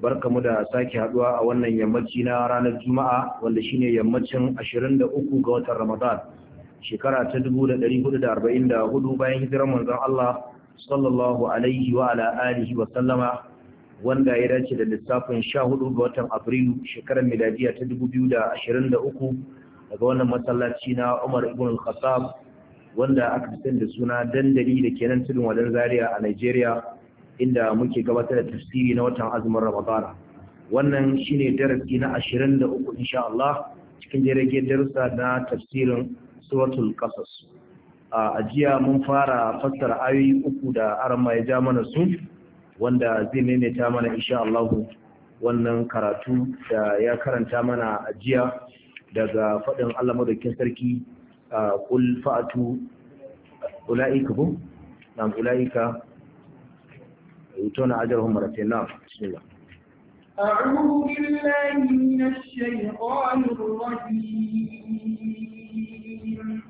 barkamu da sake haduwa a wannan yammaci na ranar juma'a wanda shine yammacin 23 ga watan ramadan shekara ta 1444 bayan hijirar manzon Allah sallallahu alaihi wa ala alihi wa sallama wanda ya dace da lissafin 14 ga watan afrilu shekarar miladiya ta 2023 daga wannan masallaci na Umar ibn al-Khattab wanda aka fi da suna dandali da kenan tudun wadan Zaria a Nigeria inda muke gabatar da tafsiri na watan azumin ramadana wannan shine darasi na 23 insha Allah cikin jirage darussa na tafsirin suratul qasas a ajiya mun fara fassara ayoyi uku da arama ya ja mana su wanda zai maimaita mana insha Allah wannan karatu da ya karanta mana ajiya daga faɗin Allah madaukakin sarki qul fa'atu ulaiikum nam ulaiika يؤتون أجرهم مرتين نعم بسم الله أعوذ بالله من الشيطان الرجيم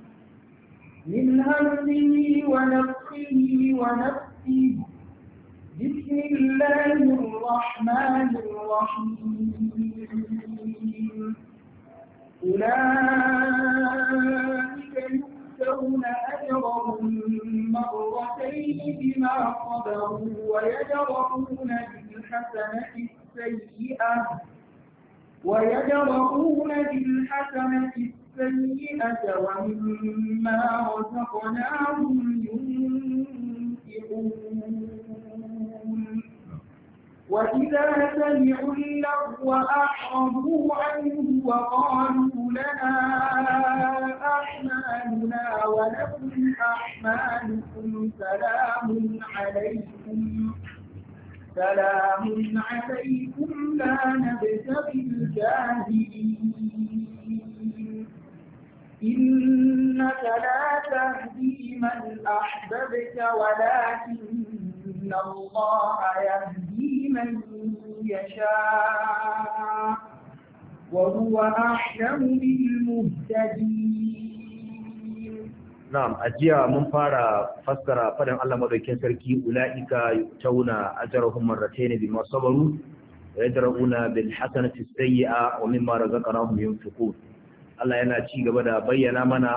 من همزه ونفخه ونفسه بسم الله الرحمن الرحيم أولئك بما ويجرؤون بالحسنة السيئة ويجرؤون بالحسنة السيئة ومما رزقناهم ينفقون وإذا سمعوا اللغو أعرضوا عنه وقالوا لنا أعمالنا ولكم أعمالكم سلام عليكم سلام عليكم لا نبتغي الجاهلين إنك لا تهدي من أحببت ولكن الله يهدي من يشاء وهو أحلم بالمهتدين نعم أجيا من فارا فسر فدن الله مدوكين كي أولئك يؤتون أجرهم مرتين بما صبروا ويدرؤون بالحسنة السيئة ومما رزقناهم ينفقون Allah yana ci gaba da bayyana mana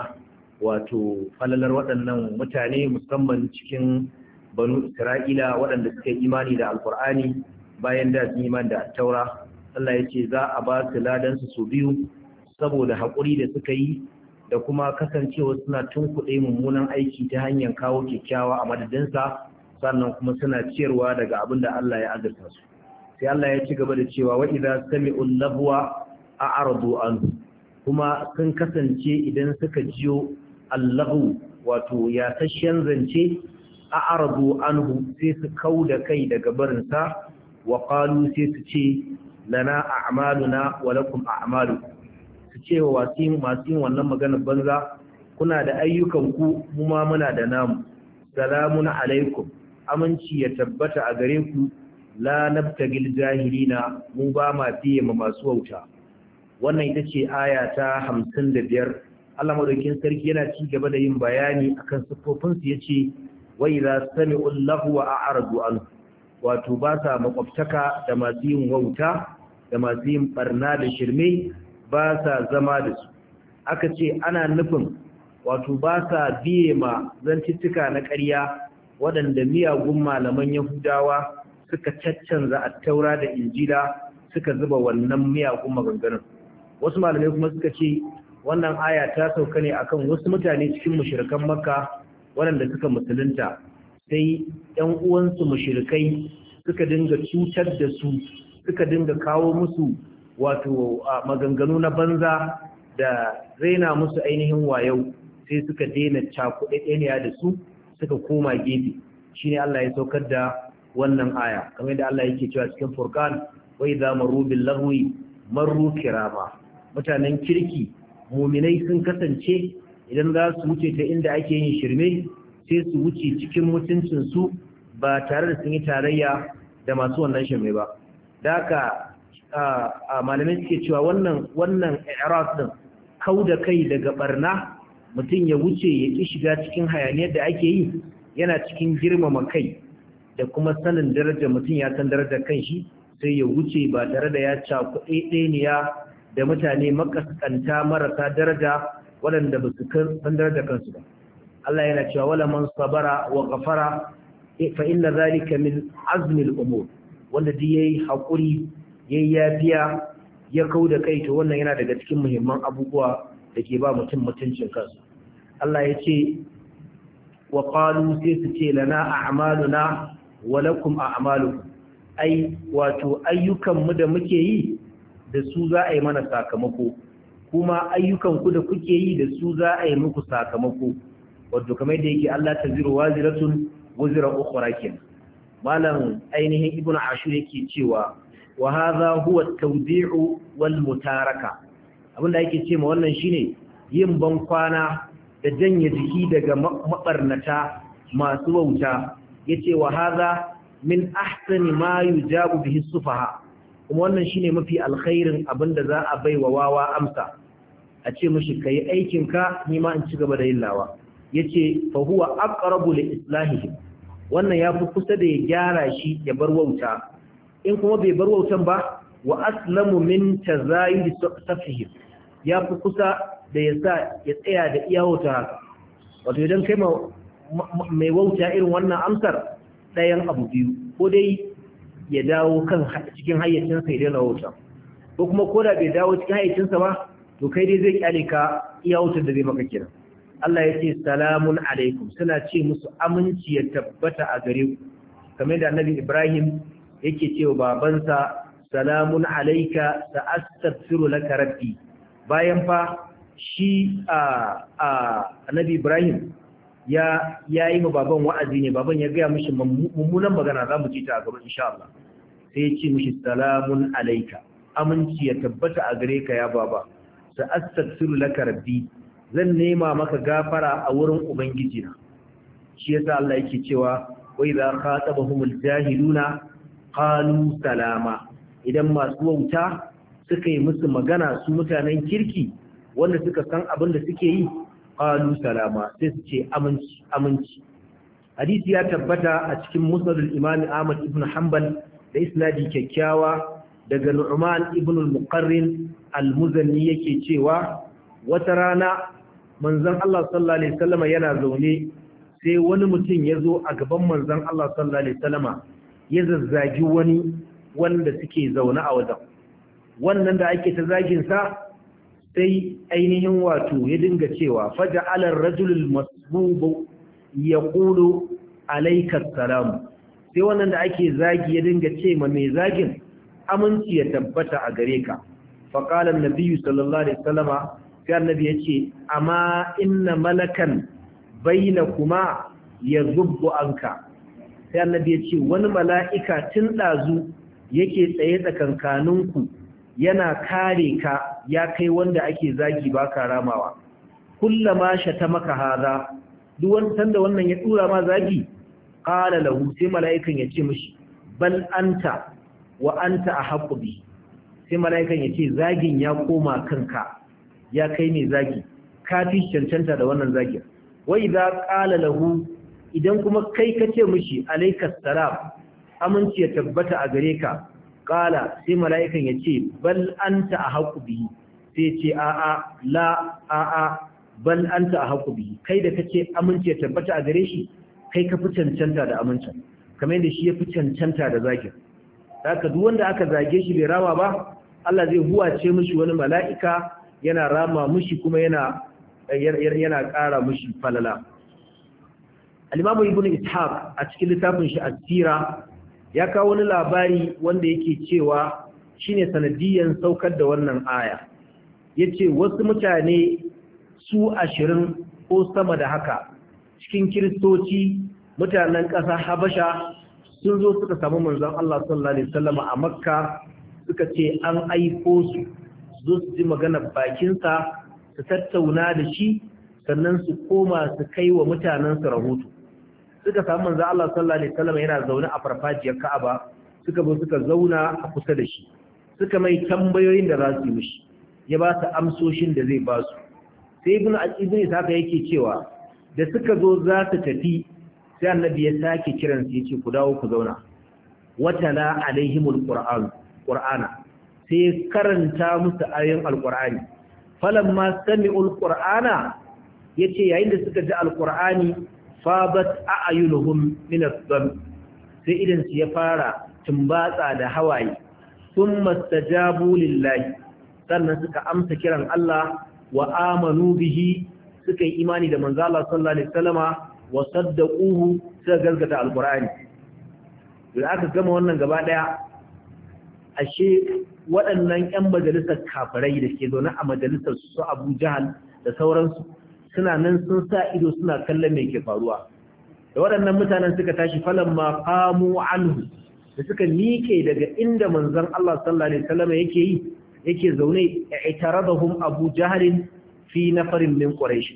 wato falalar waɗannan mutane musamman cikin banu isra'ila waɗanda suka yi imani da alkur'ani bayan da sun imani da taura Allah ya ce za a ba su ladan su su biyu saboda haƙuri da suka yi da kuma kasancewa suna tunkuɗe mummunan aiki ta hanyar kawo kyakkyawa a madadinsa sannan kuma suna ciyarwa daga abin da Allah ya azurta su sai Allah ya ci gaba da cewa wa idza sami'u lahwa a'radu anhu kuma sun kasance idan suka jiyo allahu wato ya tashen zance a arabu anhu sai su kau da kai daga barinsa wa qalu sai su ce lana a'maluna wa lakum a'malu su ce wa masu wannan maganar banza kuna da ayyukan ku mu ma muna da namu salamun alaikum aminci ya tabbata a gare ku la nabtagil jahilina mu ba ma fiye ma masu wauta wannan ita ce aya ta 55 Allah madaukin sarki yana ci gaba da yin bayani akan su yace wa sami'un sami'u lahu wa a'radu an wato ba sa makwabtaka da masu yin wauta da masu yin barna da shirme ba sa zama da su aka ce ana nufin wato ba sa biye ma zantittuka na ƙarya waɗanda miyagun malaman yahudawa suka caccanza a taura da injila suka zuba wannan miyagun maganganun wasu malamai kuma suka ce wannan aya ta sauka ne akan wasu mutane cikin mushrikan makka waɗanda suka musulunta sai ‘yan uwansu mashirikai suka dinga cutar da su suka dinga kawo musu wato maganganu na banza da raina musu ainihin wayau sai suka daina cakuɗaɗɗeniya da su suka koma gefe shi ne Allah ya saukar da wannan aya kamar yadda Allah yake cewa cikin furkan wai za maru bin maru kirama mutanen kirki muminai sun kasance idan za su wuce ta inda ake yin shirme sai su wuce cikin mutuncinsu ba tare da sun yi tarayya da masu wannan shirme ba da haka a malamai suke cewa wannan wannan ɗin din kau da kai daga barna mutum ya wuce ya ki shiga cikin hayaniyar da ake yi yana cikin girmama kai da kuma sanin darajar mutum ya san darajar kan shi sai ya wuce ba tare da ya cakuɗe ɗaya da mutane makaskanta marasa daraja waɗanda ba su kandar da kansu ba Allah yana cewa wala man sabara wa ghafara fa inna zalika min azmi al-umur wanda duk yayi hakuri yayi yafiya ya kauda kai to wannan yana daga cikin muhimman abubuwa da ke ba mutum mutuncin kansa Allah ya ce wa qalu sai su ce lana a'maluna wa lakum a'malukum ai wato ayyukan mu da muke yi da su za a yi mana sakamako kuma ayyukan ku da kuke yi da su za a yi muku sakamako wato kamar da yake Allah ta zira waziratun wazira ukhra kin malam ainihin ibnu ashur yake cewa wa hadha huwa tawdiu wal mutaraka abinda yake ce ma wannan shine yin ban kwana da janye jiki daga mabarnata masu wauta yace wa hadha min ahsani ma yujabu bihi sufaha kuma wannan ne mafi alkhairin abinda za a bai wa wawa amsa a ce mishi kai aikin ka ni ma in ci gaba da yin lawa yace fa huwa aqrabu li islahihi wannan yafi kusa da ya gyara shi ya bar wauta in kuma bai bar wautan ba wa aslamu min tazayid safihim yafi kusa da ya sa ya tsaya da iya wauta wato idan kai mai wauta irin wannan amsar ɗayan abu biyu ko dai ya dawo kan cikin hayyacinsa ya daina wuta ko kuma ko da bai dawo cikin hayyacinsa ba to kai dai zai kyale ka iya wutar da zai maka kira Allah ya ce salamun alaikum suna ce musu aminci ya tabbata a gare ku kamar da annabi Ibrahim yake cewa babansa salamun alaika sa'astaghfiru laka rabbi bayan fa shi a annabi Ibrahim ya yi ma baban wa'azi ne baban ya gaya mishi mummunan magana za mu ci ta a gaba insha Allah sai ya ce mishi salamun alaika aminci ya tabbata a gare ka ya baba sa astaghfiru laka rabbi zan nema maka gafara a wurin ubangiji na shi yasa Allah yake cewa "Wai za wa idza khatabahumul jahiluna qalu salama idan masu wauta suka yi musu magana su mutanen kirki wanda suka san abin da suke yi qalu salama sai su ce aminci aminci hadisi ya tabbata a cikin musnad al-imam Ahmad ibn Hanbal da isnadi kyakkyawa daga Nu'man ibn al-Muqarrin al-Muzanni yake cewa wata rana manzon Allah sallallahu alaihi yana zaune sai wani mutum ya zo a gaban manzon Allah sallallahu alaihi ya zazzagi wani wanda suke zaune a wajen wannan da ake ta zagin sa sai ainihin wato ya dinga cewa alar rajulul masbubu ya kulu alaikar salamu sai wannan da ake zagi ya dinga ce ma mai zagin aminci ya tabbata a gare ka faƙalar nabiyu sallallahu alaihi salama sai annabi ya ce amma inna malakan baina kuma ya zubbu anka sai annabi ya ce wani mala'ika tun ɗazu yake tsaye tsakankaninku yana kare ka ya kai wanda ake zagi ba ka ramawa kullama maka haza duk wanda da wannan ya dura ma zagi qala lahu sai mala'ikan ya ce mishi bal anta wa anta ahqqu bi sai mala'ikan ya ce zagin ya koma kanka ya kai ne zagi ka fi cancanta da wannan zagin wa idza qala lahu idan kuma kai kace mishi alaikas salam aminci ya tabbata a gare ka kala sai mala'ikan ya ce bal anta a haƙu bihi sai ce a'a la a'a bal anta a haƙu bihi kai da kace amince tabbata a gare shi kai ka fi cancanta da amincin kamar yadda shi ya fi cancanta da zagin haka duk wanda aka zage shi bai rama ba Allah zai huwace mushi wani mala'ika yana rama mishi kuma yana yana ƙara mushi falala al-imamu ibnu ishaq a cikin littafin shi asira sira ya kawo wani labari wanda yake cewa shine sanadiyan saukar da wannan aya yace wasu mutane su ashirin ko sama da haka cikin kiristoci mutanen ƙasa habasha sun zo suka samu manzon Allah sallallahu alaihi wasallam a makka suka ce an aiko su zo su ji magana bakinsa su tattauna da shi sannan su koma su kai wa mutanensu rahoto suka samu manzo Allah sallallahu alaihi wasallam yana zaune a farfajiyar Ka'aba suka zo suka zauna a kusa da shi suka mai tambayoyin da za su yi mishi ya ba su amsoshin da zai ba su sai ibn al-ibn saka yake cewa da suka zo za su tafi sai annabi ya sake kiran su yace ku dawo ku zauna watala alaihimul qur'an qur'ana sai karanta musu ayoyin alqur'ani falamma sami'ul qur'ana yace yayin da suka ji alqur'ani fabat a'yunuhum min adh sai idan su ya fara tumbatsa da hawaye thumma mastajabu lillahi sannan suka amsa kiran Allah wa amanu bihi suka yi imani da manzo Allah sallallahu alaihi wasallama wa saddaquhu suka gargada alqur'ani da aka gama wannan gaba daya ashe waɗannan 'yan majalisar kafirai da ke zaune a majalisar su Abu Jahal da sauransu suna nan sun sa ido suna kallon mai ke faruwa da waɗannan mutanen suka tashi falan ma qamu anhu da suka miƙe daga inda manzon Allah sallallahu alaihi wasallam yake yi yake zaune i'taradahum Abu Jahl fi nafarin min Quraysh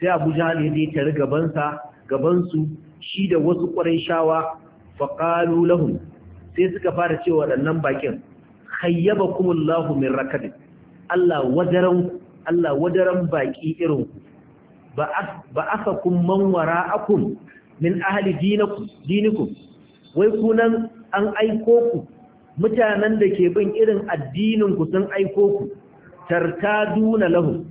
sai Abu Jahl ya je tare gaban sa gaban su shi da wasu Qurayshawa fa qalu lahum sai suka fara cewa waɗannan bakin khayyabakumullahu min rakab Allah wadaran Allah wadaran baki irin ba aka kun manwara akun min ahali dinikun wai kunan an aiko ku mutanen da ke bin irin addininku sun aiko ku tartaduna lahu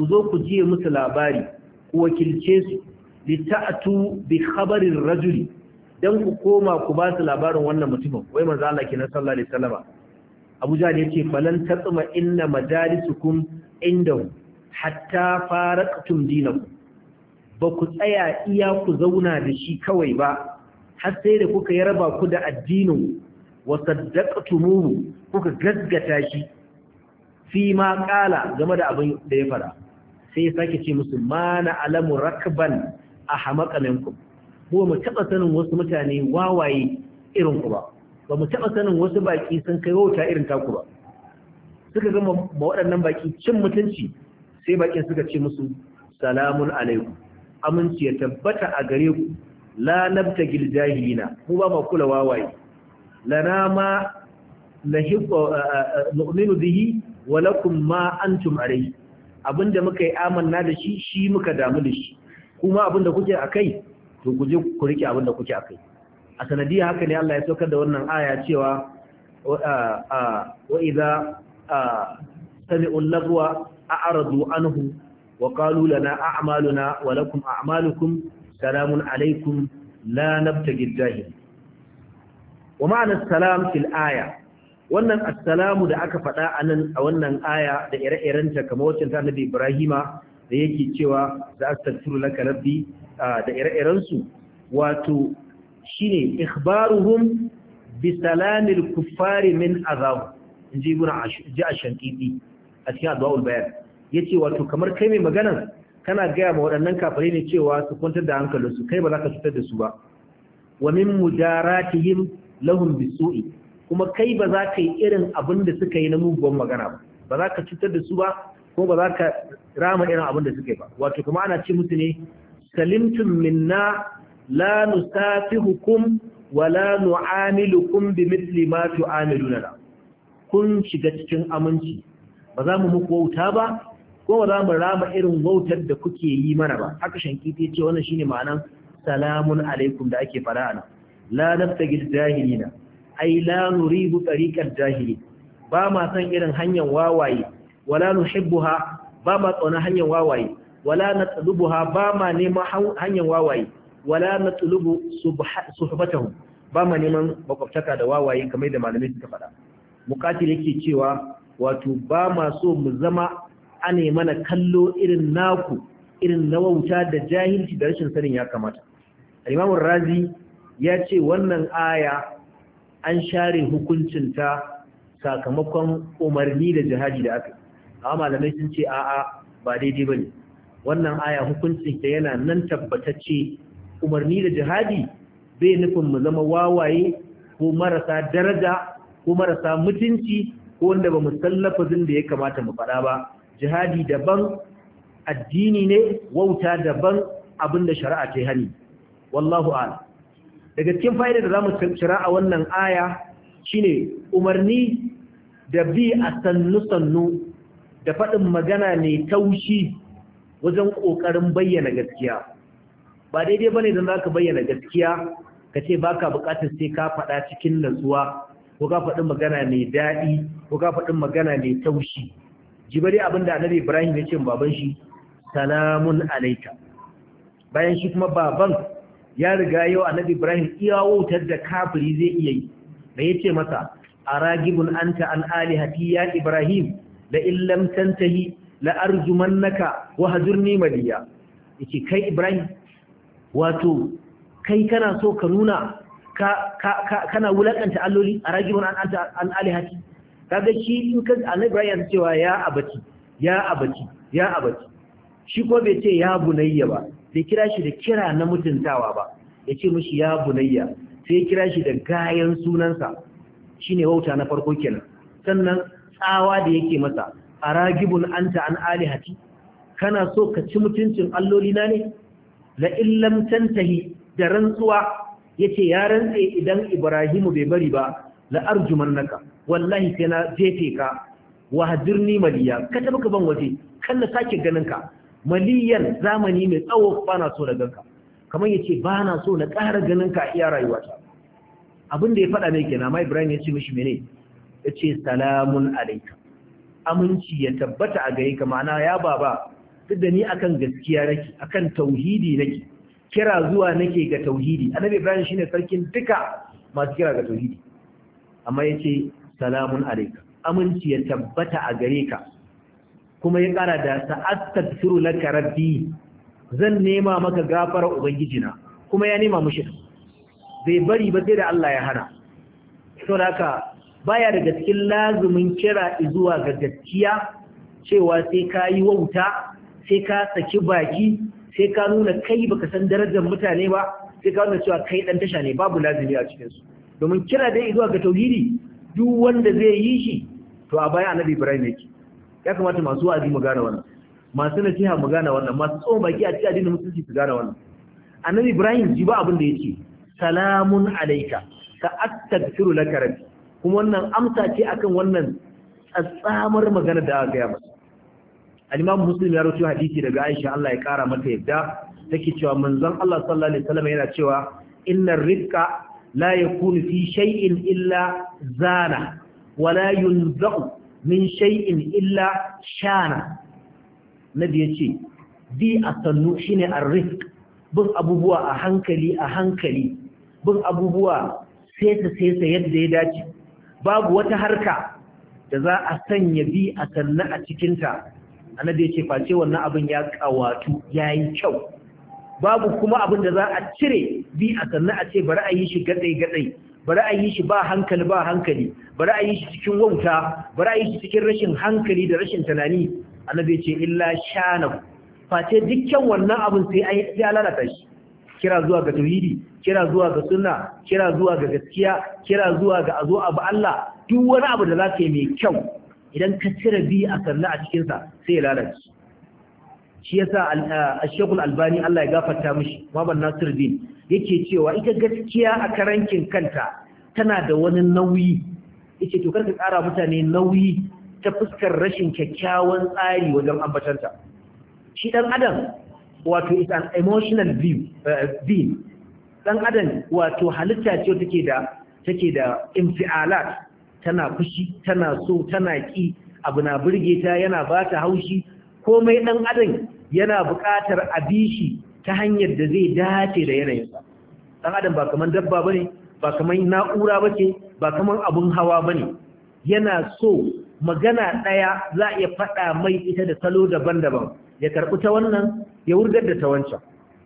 ku zo ku jiye musu labari ku wakilce su lita'atu bi khabarin rajuli dan ku koma ku ba su labarin wannan mutumin wai manzo Allah kenan sallallahu alaihi wasallama Abu Jahl yace falan tatma inna Majalisukun indahu hatta faraqtum dinakum ba ku tsaya iya ku zauna da shi kawai ba har sai da kuka yarba ku da addinin wa saddaqtumuhu kuka gaggata shi fi ma game da abin da ya fara sai ya sake ce musu ma na alamu rakban a minkum ko mu taba sanin wasu mutane wawaye irin ku ba ba mu taba sanin wasu baki sun kai wauta irin taku ba suka gama waɗannan baki cin mutunci sai bakin suka ce musu salamun alaikum aminci ya tabbata a gare ku la nabtagil jahilina mu ba ma kula wawaye lana ma nahibbu nu'minu bihi wa lakum ma antum alayhi abinda muka yi amanna da shi shi muka damu da shi kuma abinda kuke akai to ku je ku rike abinda kuke akai a sanadiya haka ne Allah ya saukar da wannan aya cewa wa idza sami'u lagwa a'radu anhu wa qalu lana a'maluna wa lakum a'malukum salamun alaikum la nabtagi jahil wa ma'anar salam fil aya wannan assalamu da aka faɗa a nan a wannan aya da ire-irenta kamar wacce ta nabi ibrahima da yake cewa da astaghfiru laka rabbi da ire-irensu wato shine ikhbaruhum bi salamil kuffari min azab inji ibn ash ji ashanqidi a cikin addu'ul bayan yace wato kamar kai mai magana kana gaya ma waɗannan kafirai ne cewa su kwantar da hankalinsu kai ba za ka cutar da su ba wa min mujaratihim lahum bisu'i kuma kai ba za ka yi irin abin da suka yi na muguwan magana ba ba za ka cutar da su ba ko ba za ka rama irin abin da suka yi ba wato kuma ana ce musu ne salimtum minna la nusafihukum wa la nu'amilukum bi mithli ma tu'amiluna kun shiga cikin aminci ba za mu muku wauta ba ko ba za mu rama irin wautar da kuke yi mana ba haka ta ce wannan shine ma'anan salamun alaikum da ake fara ana la naftagil jahilina ay la nuribu tariqal jahili ba ma san irin hanyar wawaye wala nuhibbuha ba ma tsona hanyar wawaye wala natlubuha ba ma neman hanyar wawaye wala natlubu suhbatahum ba ma neman makwabtaka da wawaye kamar da malamai suka faɗa mukatil yake cewa wato ba ma so mu zama ane mana kallo irin naku irin na wauta da jahilci da rashin sanin ya kamata al razi ya ce wannan aya an share hukuncinta sakamakon umarni da jihadi da aka amma malamai sun ce a'a ba daidai bane wannan aya hukuncin ta yana nan tabbatacce umarni da jihadi bai nufin mu zama wawaye ko marasa daraja ko marasa mutunci ko wanda ba mu sallafa da ya kamata mu faɗa ba jihadi daban addini ne wauta daban abinda shari'a ta hani wallahu a'lam daga cikin fa'idar da zamu tsira a wannan aya shine umarni da bi a sannu sannu da faɗin magana ne taushi wajen ƙoƙarin bayyana gaskiya ba daidai ba bane don zaka bayyana gaskiya ka ce baka bukatar sai ka faɗa cikin natsuwa ko ka faɗi magana mai daɗi ko ka faɗi magana mai taushi jibari da annabi ibrahim ya ce baban shi salamun alaika bayan shi kuma baban ya riga yau annabi ibrahim iya wautar da kafiri zai iya yi da ya ce masa a anta an alihati ya ibrahim la illam tantahi la arjumannaka wa hajurni madiya yace kai ibrahim wato kai kana so ka nuna kana wulakanta alloli a ragibin an alihati kaga shi in ka annabi ibrahim cewa ya abati ya abati ya abati shi ko bai ce ya bunayya ba bai kira shi da kira na mutuntawa ba ya ce mashi ya bunayya sai kira shi da gayan sunansa shine wauta na farko kenan sannan tsawa da yake masa a ragibin anta an alihati kana so ka ci mutuncin alloli na ne la illam tantahi da rantsuwa yace ya rantse idan Ibrahimu bai bari ba la naka wallahi sai na jefe ka wa hadirni maliya ka tabbaka ban waje kan na sake ganin ka maliyan zamani mai tsawo bana so na ganka kamar yace bana so na ƙara ganin ka a iya rayuwata abin da ya faɗa mai kenan amma Ibrahim ya ce mishi mene yace salamun alayka aminci ya tabbata a gare ka ma'ana ya baba duk da ni akan gaskiya nake akan tauhidi nake kira zuwa nake ga tauhidi annabi ibrahim shine sarkin duka masu kira ga tauhidi amma yace salamun alayka aminci ya tabbata a gare ka kuma ya kara da sa'astaghfiru laka rabbi zan nema maka gafara ubangijina kuma ya nema mushi bai bari ba sai da Allah ya hana saboda haka baya da gaskin lazumin kira zuwa ga gaskiya cewa sai ka yi wauta sai ka saki baki sai ka nuna kai baka san darajar mutane ba sai ka nuna cewa kai dan tasha ne babu lazimi a cikin su domin kira dai zuwa ga tauhidi duk wanda zai yi shi to a baya annabi Ibrahim yake ya kamata masu wa'azi mu gane wannan masu nasiha mu gane wannan masu tsohon baki a cikin addinin musulunci su gane wannan annabi Ibrahim ji ba abin da yake salamun alayka ka astaghfiru laka rabbi kuma wannan amsa ce akan wannan tsamar magana da aka gaya masa al-imam muslim ya rawaito hadisi daga Aisha Allah ya kara mata yadda take cewa manzon Allah sallallahu alaihi wasallam yana cewa innar rifqa la yakunu fi shay'in illa zana wala yunzau min shay'in illa shana nabi yace bi asannu shine ar-rifq bin abubuwa a hankali a hankali bin abubuwa sai sesa yadda ya dace babu wata harka da za a sanya bi a sanna a cikinta annabi ya ce face wannan abin ya kawatu ya yi kyau babu kuma abin da za a cire bi a sannan a ce bari a yi shi gadai gaɗai bari a yi shi ba hankali ba hankali bari a yi shi cikin wauta bari a yi shi cikin rashin hankali da rashin tunani annabi ce illa shana face dukkan wannan abin sai an lalata shi kira zuwa ga tauhidi kira zuwa ga sunna kira zuwa ga gaskiya kira zuwa ga azo abu Allah duk wani abu da za ka yi mai kyau idan ka cire bi a sannu a cikinsa sai ya lalace shi yasa al-shekul albani Allah ya gafarta mishi maban nasir din yake cewa ita gaskiya a karankin kanta tana da wani nauyi yake to karka tsara mutane nauyi ta fuskar rashin kyakkyawan tsari wajen ambatanta shi dan adam wato is an emotional being eh, dan adam wato halitta ce take da take da infialat tana fushi tana so tana ki abu na burge ta yana ba ta haushi komai dan adam yana buƙatar abishi ta hanyar da zai dace da yanayinsa dan adam ba kaman dabba bane ba kaman na'ura bace ba kaman abun hawa bane yana so magana ɗaya za a iya faɗa mai ita da salo daban-daban ya karɓi ta wannan ya wurgar da ta wancan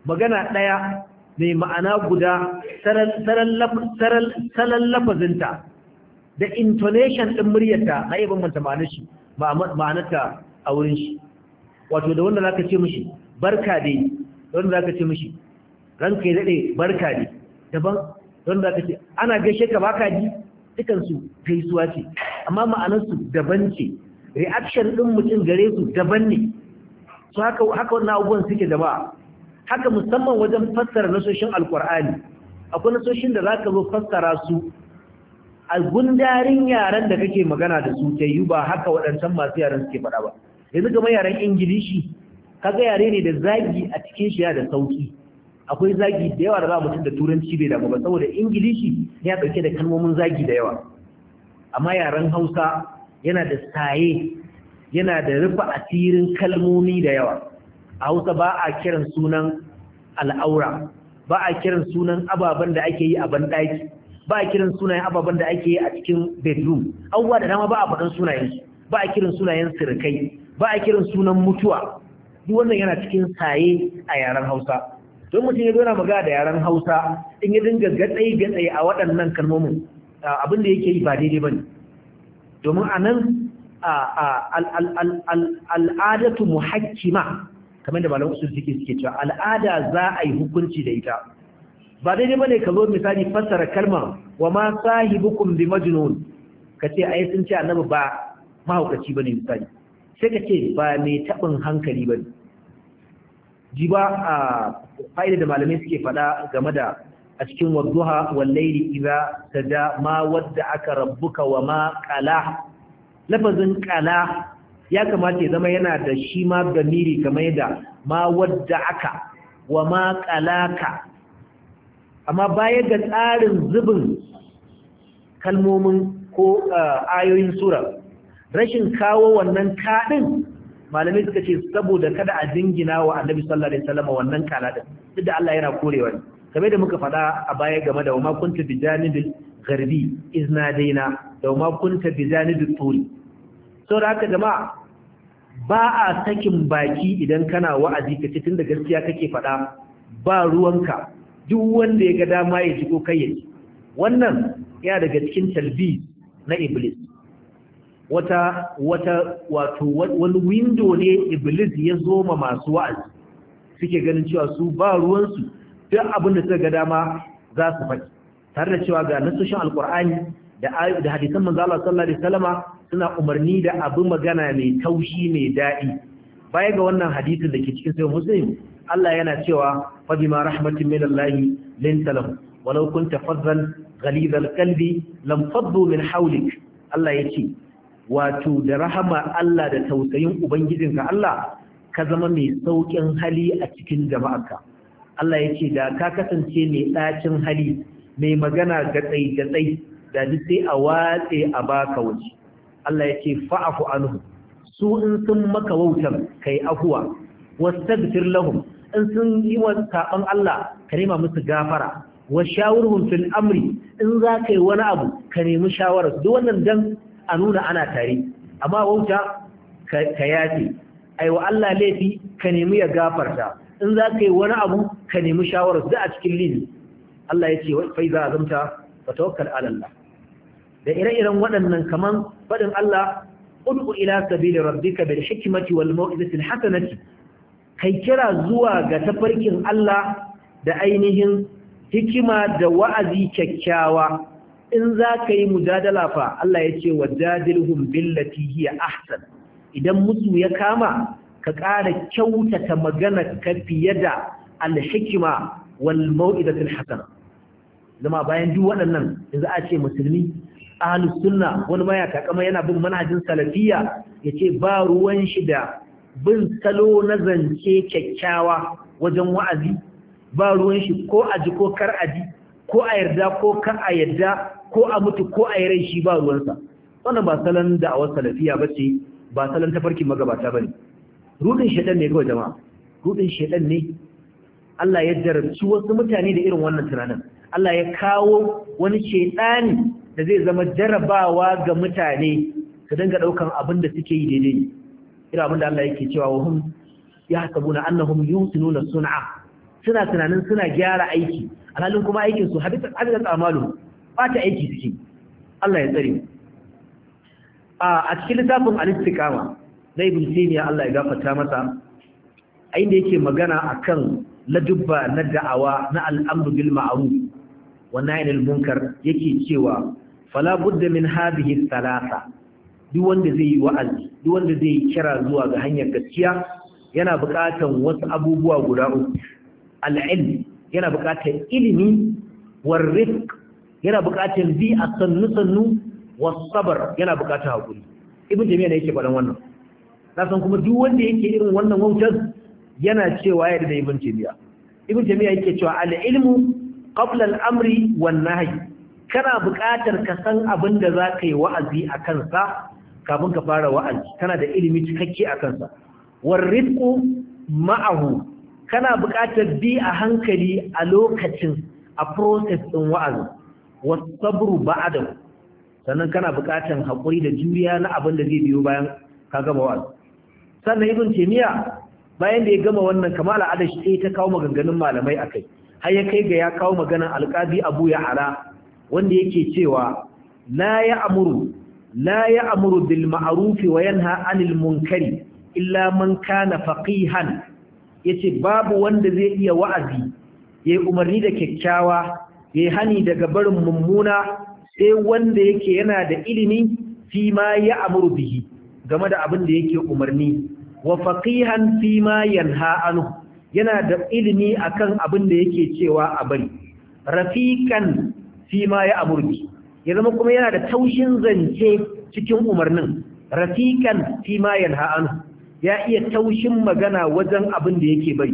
magana ɗaya mai ma'ana guda saran lafazinta da intonation ɗin muryarta na iya bambanta ma'anar shi ma'anarta a wurin shi wato da wanda zaka ce mishi barka dai da wanda zaka ce mishi ranka ya daɗe barka dai daban da wanda zaka ce ana gaishe ka baka ji dukansu gaisuwa ce amma ma'anarsu daban ce reaction ɗin mutum gare su daban ne su haka haka wannan abubuwan suke da ba haka musamman wajen fassara nasoshin Alƙur'ani, akwai nasoshin da zaka zo fassara su a gundarin yaren da kake magana da su ta yi ba haka waɗancan masu yaren suke faɗa ba yanzu kama yaren ingilishi kaga yare ne da zagi a cikin shi da sauki akwai zagi da yawa da za mutum da turanci bai damu ba saboda ingilishi ya ɗauke da kalmomin zagi da yawa amma yaren hausa yana da saye yana da rufe asirin kalmomi da yawa a hausa ba a kiran sunan al'aura ba a kiran sunan ababen da ake yi a banɗaki ba a kiran sunayen ababen da ake yi a cikin bedroom abubuwa da dama ba a faɗin sunayensu ba a kiran sunayen sirkai ba a kiran sunan mutuwa duk wannan yana cikin saye a yaren hausa don mutum ya zona magana da yaren hausa in ya dinga gatsai gatsai a waɗannan kalmomin abin da yake yi ba daidai ba ne domin a nan al'adatu muhakkima kamar da malamin usul suke suke cewa al'ada za a yi hukunci da ita ba daidai bane ka zo misali fassara kalma wa ma sahibukum bi majnun ka ce ai sun ce annabi ba mahaukaci bane misali sai ka ce ba mai tabin hankali bane ji ba a fa'ida da malamai suke faɗa game da a cikin wadduha wal layli idza tada ma wadda aka rabbuka wa ma qala lafazin qala ya kamata ya zama yana da shi ma gamiri kamar yadda ma wadda aka wa ma qalaka amma baya ga tsarin zubin kalmomin ko eh, ayoyin sura rashin kawo wannan kaɗin malamai suka ce saboda kada a jingina wa annabi sallallahu alaihi wasallam wannan kala din duk da Allah yana korewa ne kamar da muka faɗa a baya game da ma kunta bi janibil gharbi izna daina da ma kunta bi janibil turi saboda haka jama'a ba a sakin baki idan kana wa'azi ka tun da gaskiya kake faɗa ba ruwanka duk wanda ya ga dama ya ji ko kai ya ji wannan ya daga cikin talbi na iblis wata wata wato wani window ne iblis ya zo ma masu wa'azi suke ganin cewa su ba ruwansu duk abin da suka ga dama za su faɗi tare da cewa ga nasoshin alkur'ani da hadisan manzo Allah sallallahu alaihi wasallama suna umarni da abin magana mai taushi mai daɗi baya ga wannan hadisin da ke cikin sahih muslim Allah yana cewa Fadima rahmatin min Allah linta lahum walau kunta faddan ghalid qalbi lam faddu min hawlik Allah yace wato da rahama Allah da tausayin ubangijinka Allah ka zama mai saukin hali a cikin jama'arka Allah yace da ka kasance mai ɗacin hali mai magana ga tsai da tsai da duk sai a watse a baka waje. Allah yace fa'afu anhu su in sun maka wautar kai afuwa wastagfir lahum in sun yi wa saɓon Allah ka nema musu gafara wa shawurhum fil amri in za ka yi wani abu ka nemi shawara duk wannan dan a nuna ana tare amma wauta ka yafe ai wa Allah laifi ka nemi ya gafarta in za ka yi wani abu ka nemi shawara duk a cikin lili Allah ya ce fa iza zamta fa tawakkal ala Allah da ire-iren waɗannan kaman faɗin Allah ud'u ila sabili rabbika bil hikmati wal mau'izati al hasanati kai kira zuwa ga tafarkin Allah da ainihin hikima da wa'azi kyakkyawa in za ka yi mujadala fa Allah ya ce wa jadilhum billati hiya ahsan idan musu ya kama ka ƙara kyautata magana ka fiye da alhikima wal mau'izatul hasana zama bayan duk waɗannan yanzu a ce musulmi ahlus sunna wani ma ya yana bin manhajin salafiyya yace ba ruwan shi da bin salo na zance kyakkyawa wajen wa'azi ba ruwan shi ko a ji ko kar a ji ko a yarda ko kar a yarda ko a mutu ko a yi rai shi ba ruwansa wannan ba salon da a wasu salafiya ba ce ba salon tafarkin magabata ba ne rudin shaɗan ne kawai jama'a rudin shaɗan ne Allah ya jarabci wasu mutane da irin wannan tunanin Allah ya kawo wani shaɗani da zai zama jarabawa ga mutane su dinga ɗaukan abin da suke yi daidai ira da Allah yake cewa wa hum yahsabuna annahum yusinuna sun'a suna tunanin suna gyara aiki alhalin kuma aikin su hadita hadita amalu bata aiki suke Allah ya tsare a cikin littafin al-istiqama na ibn taymiya Allah ya gafarta masa a inda yake magana akan ladubba na da'awa na al'amru bil ma'ruf wa nahyi anil munkar yake cewa fala budda min hadhihi thalatha duk wanda zai yi wa'azi duk wanda zai yi kira zuwa ga hanyar gaskiya yana buƙatar wasu abubuwa guda uku al'ilm yana buƙatar ilimi warrik yana buƙatar bi a sannu-sannu wasabar yana buƙatar haƙuri Ibin jami'a ne yake faɗan wannan na san kuma duk wanda yake irin wannan wautar yana cewa ya da ibn jami'a Ibin jami'a yake cewa al'ilmu qabla amri wan nahyi kana buƙatar ka san abin da za ka yi wa'azi a kansa kafin ka fara wa'azi kana da ilimi cikakke a kansa War warrizqu ma'ahu kana buƙatar bi a hankali a lokacin a process ɗin wa'azi wasabru ba'dahu sannan kana buƙatar haƙuri da juriya na abin da zai biyo bayan ka gama wa'azi sannan ibn taymiya bayan da ya gama wannan kamala adashi sai ta kawo maganganun malamai akai har ya kai ga ya kawo maganan alƙabi abu ya ala wanda yake cewa la ya amuru la ya'muru bil ma'ruf wa yanha 'anil munkari illa man kana faqihan yace babu wanda zai iya wa'azi yayi umarni da kyakkyawa Ya hani daga barin mummuna sai wanda yake yana da ilimi fi ma ya'muru bihi game da abin da yake umarni wa faqihan fi ma yanha anhu yana da ilimi akan abin da yake cewa a bari rafiqan fi ma ya'muru bihi ya zama kuma yana da taushin zance cikin umarnin rafikan fi ma yanha ya iya taushin magana wajen abin da yake bari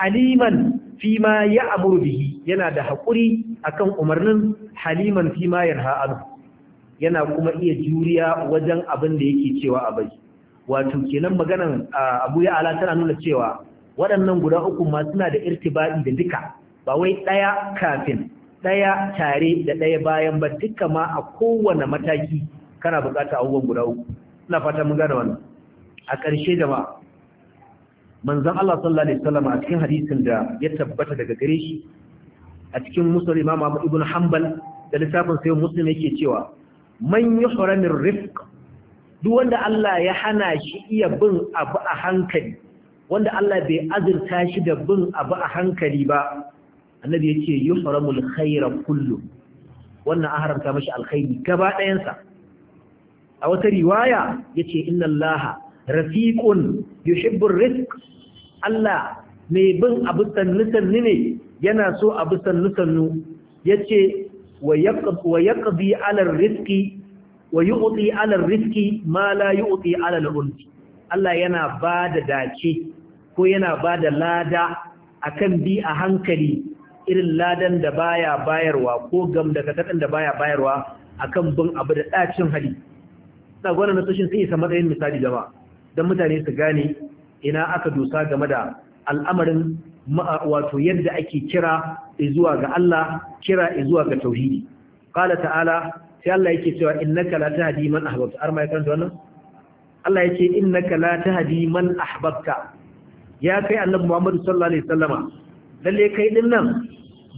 haliman fi ma amuru bihi yana da hakuri akan umarnin haliman fi ma yanha yana kuma iya juriya wajen abin da yake cewa a bari. wato kenan maganan Abu Ala tana nuna cewa waɗannan guda uku ma suna da irtibai da duka ba wai ɗaya kafin ɗaya tare da ɗaya bayan ba duka ma a kowane mataki kana bukata abubuwan guda uku ina fata mun gane wannan a ƙarshe da jama'a manzon Allah sallallahu alaihi wasallam a cikin hadisin da ya tabbata daga gare shi a cikin musul imam Abu ibn Hanbal da littafin sai muslim yake cewa man min rifq duk wanda Allah ya hana shi iya bin abu a hankali wanda Allah bai azurta shi da bin abu a hankali ba annabi yace yuhramul khayra kullu wannan an haramta mashi alkhairi gaba ɗayansa a wata riwaya yace inna allaha rafiqun yuhibbur rizq Allah mai bin abu sannu-sannu ne yana so abu sannu-sannu ya ce wa ya ƙazi alar riski wa yi utsi alar ma la yi utsi alar unti Allah yana ba da dace ko yana ba da lada a kan bi a hankali irin ladan da baya bayarwa ko gam da katakan da baya bayarwa akan bin abu da ɗacin hali na gwanan nasoshin sun isa matsayin misali jama'a don mutane su gane ina aka dusa game da al'amarin wato yadda ake kira izuwa ga Allah kira izuwa ga tauhidi qala ta'ala sai Allah yake cewa innaka la tahdi man ahbabta har mai kanta wannan Allah yake innaka la tahdi man ahbabta ya kai annabi Muhammadu sallallahu alaihi wasallama lalle kai din nan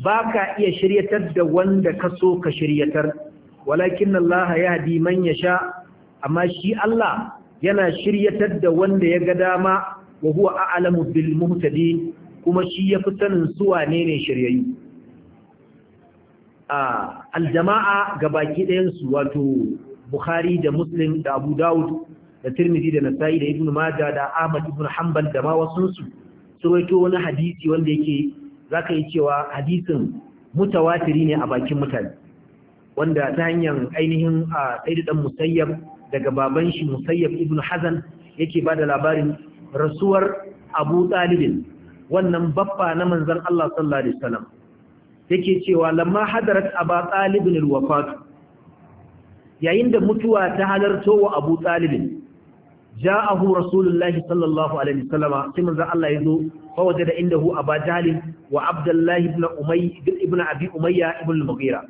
ba ka iya shiryatar da wanda ka so ka shiryatar walakin Allah ya hadi man ya sha amma shi Allah yana shiryatar da wanda ya ga dama wa huwa a'lamu bil muhtadi kuma shi ya fi sanin su wane ne shiryayi a aljama'a ga baki ɗayan su wato Bukhari da Muslim da Abu Dawud da Tirmidhi da Nasa'i da Ibn Majah da Ahmad ibn Hanbal da ma wasu su surwaito wani hadisi wanda yake ka yi cewa hadisin mutawatiri ne a bakin mutane wanda ta hanyar ainihin a saidu musayyab daga baban shi musayyab ibn hazan yake ba da labarin rasuwar abu ɗalibin, wannan baffa na manzan Allah sallallahu alaihi wasallam yake cewa lamma hadarat ɗalibin ruwa fatu, yayin da mutuwa ta halarto wa abu ɗalibin. ja'ahu rasulullahi sallallahu alaihi wasallama sai manzo Allah yazo fa wajada da aba jahl wa abdullahi ibn umay ibn abi umayya ibn al-mughira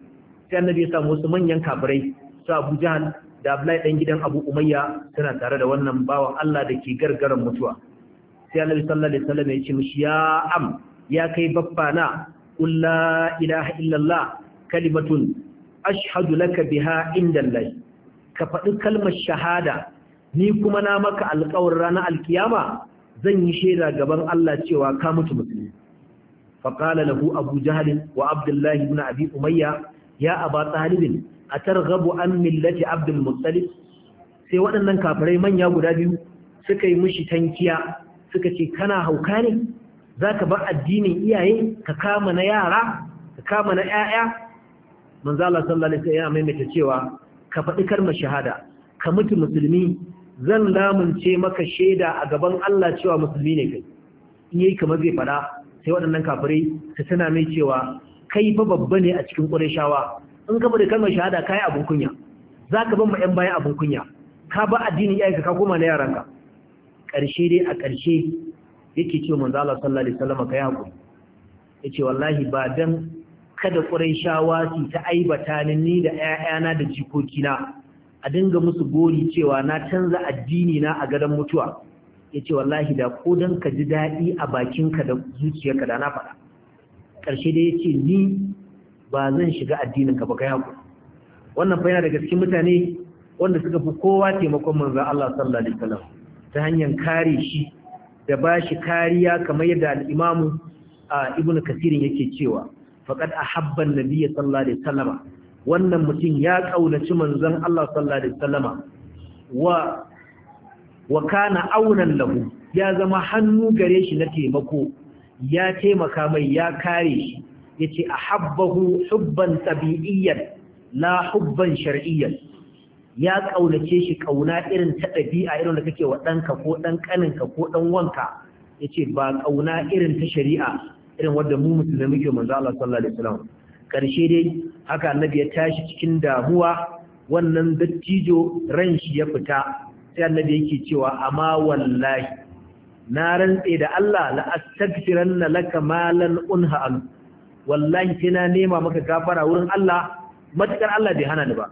sai annabi ya samu wasu manyan kafirai su abu jahl da abdullahi dan gidan abu umayya suna tare da wannan bawa Allah da ke gargaran mutuwa sai annabi sallallahu alaihi wasallama ya ce mishi ya am ya kai babbana qul la ilaha illallah kalimatun ashhadu laka biha indallahi ka faɗi kalmar shahada ni kuma na maka alƙawar ranar alkiyama zan yi shaida gaban Allah cewa ka mutu musulmi faqala lahu abu wa Abdullahi ibn abi umayya ya aba a atarghabu an millati abdul muttalib sai waɗannan kafirai manya guda biyu suka yi mushi tankiya suka ce kana hauka ne zaka bar addinin iyaye ka kama na yara ka kama na ƴaƴa manzo Allah sallallahu alaihi wasallam ya maimaita cewa ka faɗi kalmar shahada ka mutu musulmi zan lamunce maka shaida a gaban Allah cewa musulmi ne kai in yayi kamar zai fada sai waɗannan kafirai su tana mai cewa kai fa babba ne a cikin ƙurashawa in ka bada kalmar shahada kai abun kunya zaka ban mu ɗan baya abun kunya ka ba addinin iyayenka ka koma na yaranka ƙarshe dai a ƙarshe yake cewa manzo Allah sallallahu alaihi wasallam kai hakuri yace wallahi ba dan kada ƙurashawa su ta aibata ni da ƴaƴana da jikokina a dinga musu gori cewa na canza addini na a gadon mutuwa ya ce wallahi da ko don ka ji daɗi a bakinka da zuciyarka da na faɗa ƙarshe dai ya ce ni ba zan shiga addininka ba kai haku wannan fa yana daga cikin mutane wanda suka fi kowa taimakon manzon Allah sallallahu alaihi wasallam ta hanyar kare shi da ba shi kariya kamar yadda al-Imam ah, Ibn Kathir yake cewa faqad ahabba an-nabiy sallallahu alaihi wannan mutum ya kaunaci manzon Allah sallallahu alaihi wasallama wa wa kana aunan lahu ya zama hannu gare shi na taimako ya taimaka mai ya kare shi yace ahabbahu hubban tabi'iyyan la hubban shar'iyyan ya kaunace shi kauna irin ta dabi'a irin da kake wa danka ko dan kaninka ko dan wanka yace ba kauna irin ta shari'a irin wanda mu musulmi muke manzo Allah sallallahu alaihi wasallam ƙarshe dai haka annabi ya tashi cikin damuwa wannan dattijo ran shi ya fita sai annabi yake cewa amma wallahi na rantse da Allah la astaghfiranna laka malan unha an wallahi sai na nema maka gafara wurin Allah matakar Allah bai hana ni ba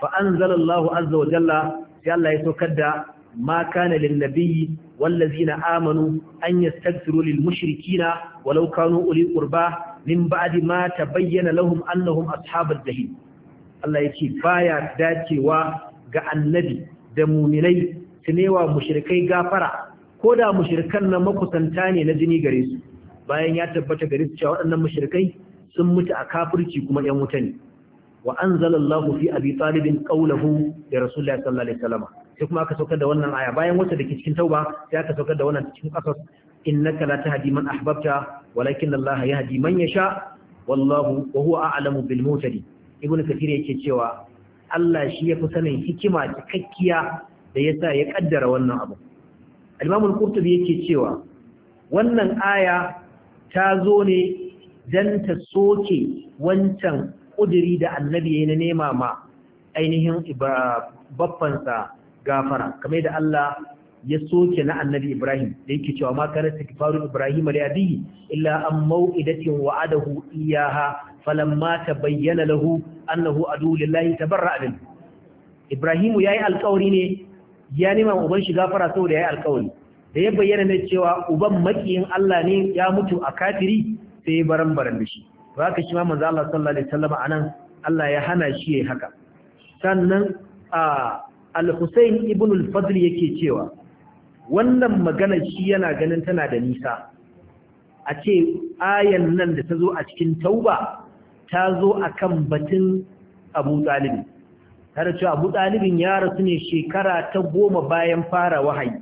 fa anzalallahu azza wa jalla sai Allah ya saukar da ma kana lin nabiyyi wallazina amanu an yastaghfiru lil mushrikina walau kanu uli qurba min ba'di ma bayyana lahum annahum ashabul jahim Allah yake baya dacewa ga annabi da muminai su newa mushrikai gafara ko da mushrikan na makusanta ne na jini gare su bayan ya tabbata gare su cewa waɗannan mushrikai sun mutu a kafirci kuma 'yan wuta ne wa anzalallahu fi abi talibin qawluhu ya rasulullahi sallallahu alaihi wasallam sai kuma aka saukar da wannan aya bayan wata dake cikin tauba sai aka saukar da wannan cikin qasas innaka la tahdi man ahbabta walakin Allah yahdi man yasha wallahu wa huwa a'lamu bil muhtadi ibn kathir yake cewa Allah shi yafi sanin hikima cikakkiya da yasa ya kaddara wannan abu al-imam al-qurtubi yake cewa wannan aya ta zo ne dan ta soke wancan kuduri da annabi ya nema ma ainihin babbansa gafara kamar da Allah ya soke na annabi Ibrahim da yake cewa ma kana istighfaru Ibrahim da abihi illa an mau'idatin wa'adahu iyaha falamma tabayyana lahu annahu adu lillahi tabarra'a min Ibrahim yayi alƙawari ne ya nima uban shi gafara saboda yayi alƙawari da ya bayyana ne cewa uban makiyin Allah ne ya mutu a kafiri sai ya baran baran da shi haka shi ma manzo Allah sallallahu alaihi wasallam anan Allah ya hana shi yayi haka sannan a Al-Husayn ibn al-Fadl yake cewa wannan magana shi yana ganin tana da nisa a ce ayan nan da ta zo a cikin tauba ta zo a kan batun abu ɗalibin tare cewa abu ɗalibin ya rasu ne shekara ta goma bayan fara wahayi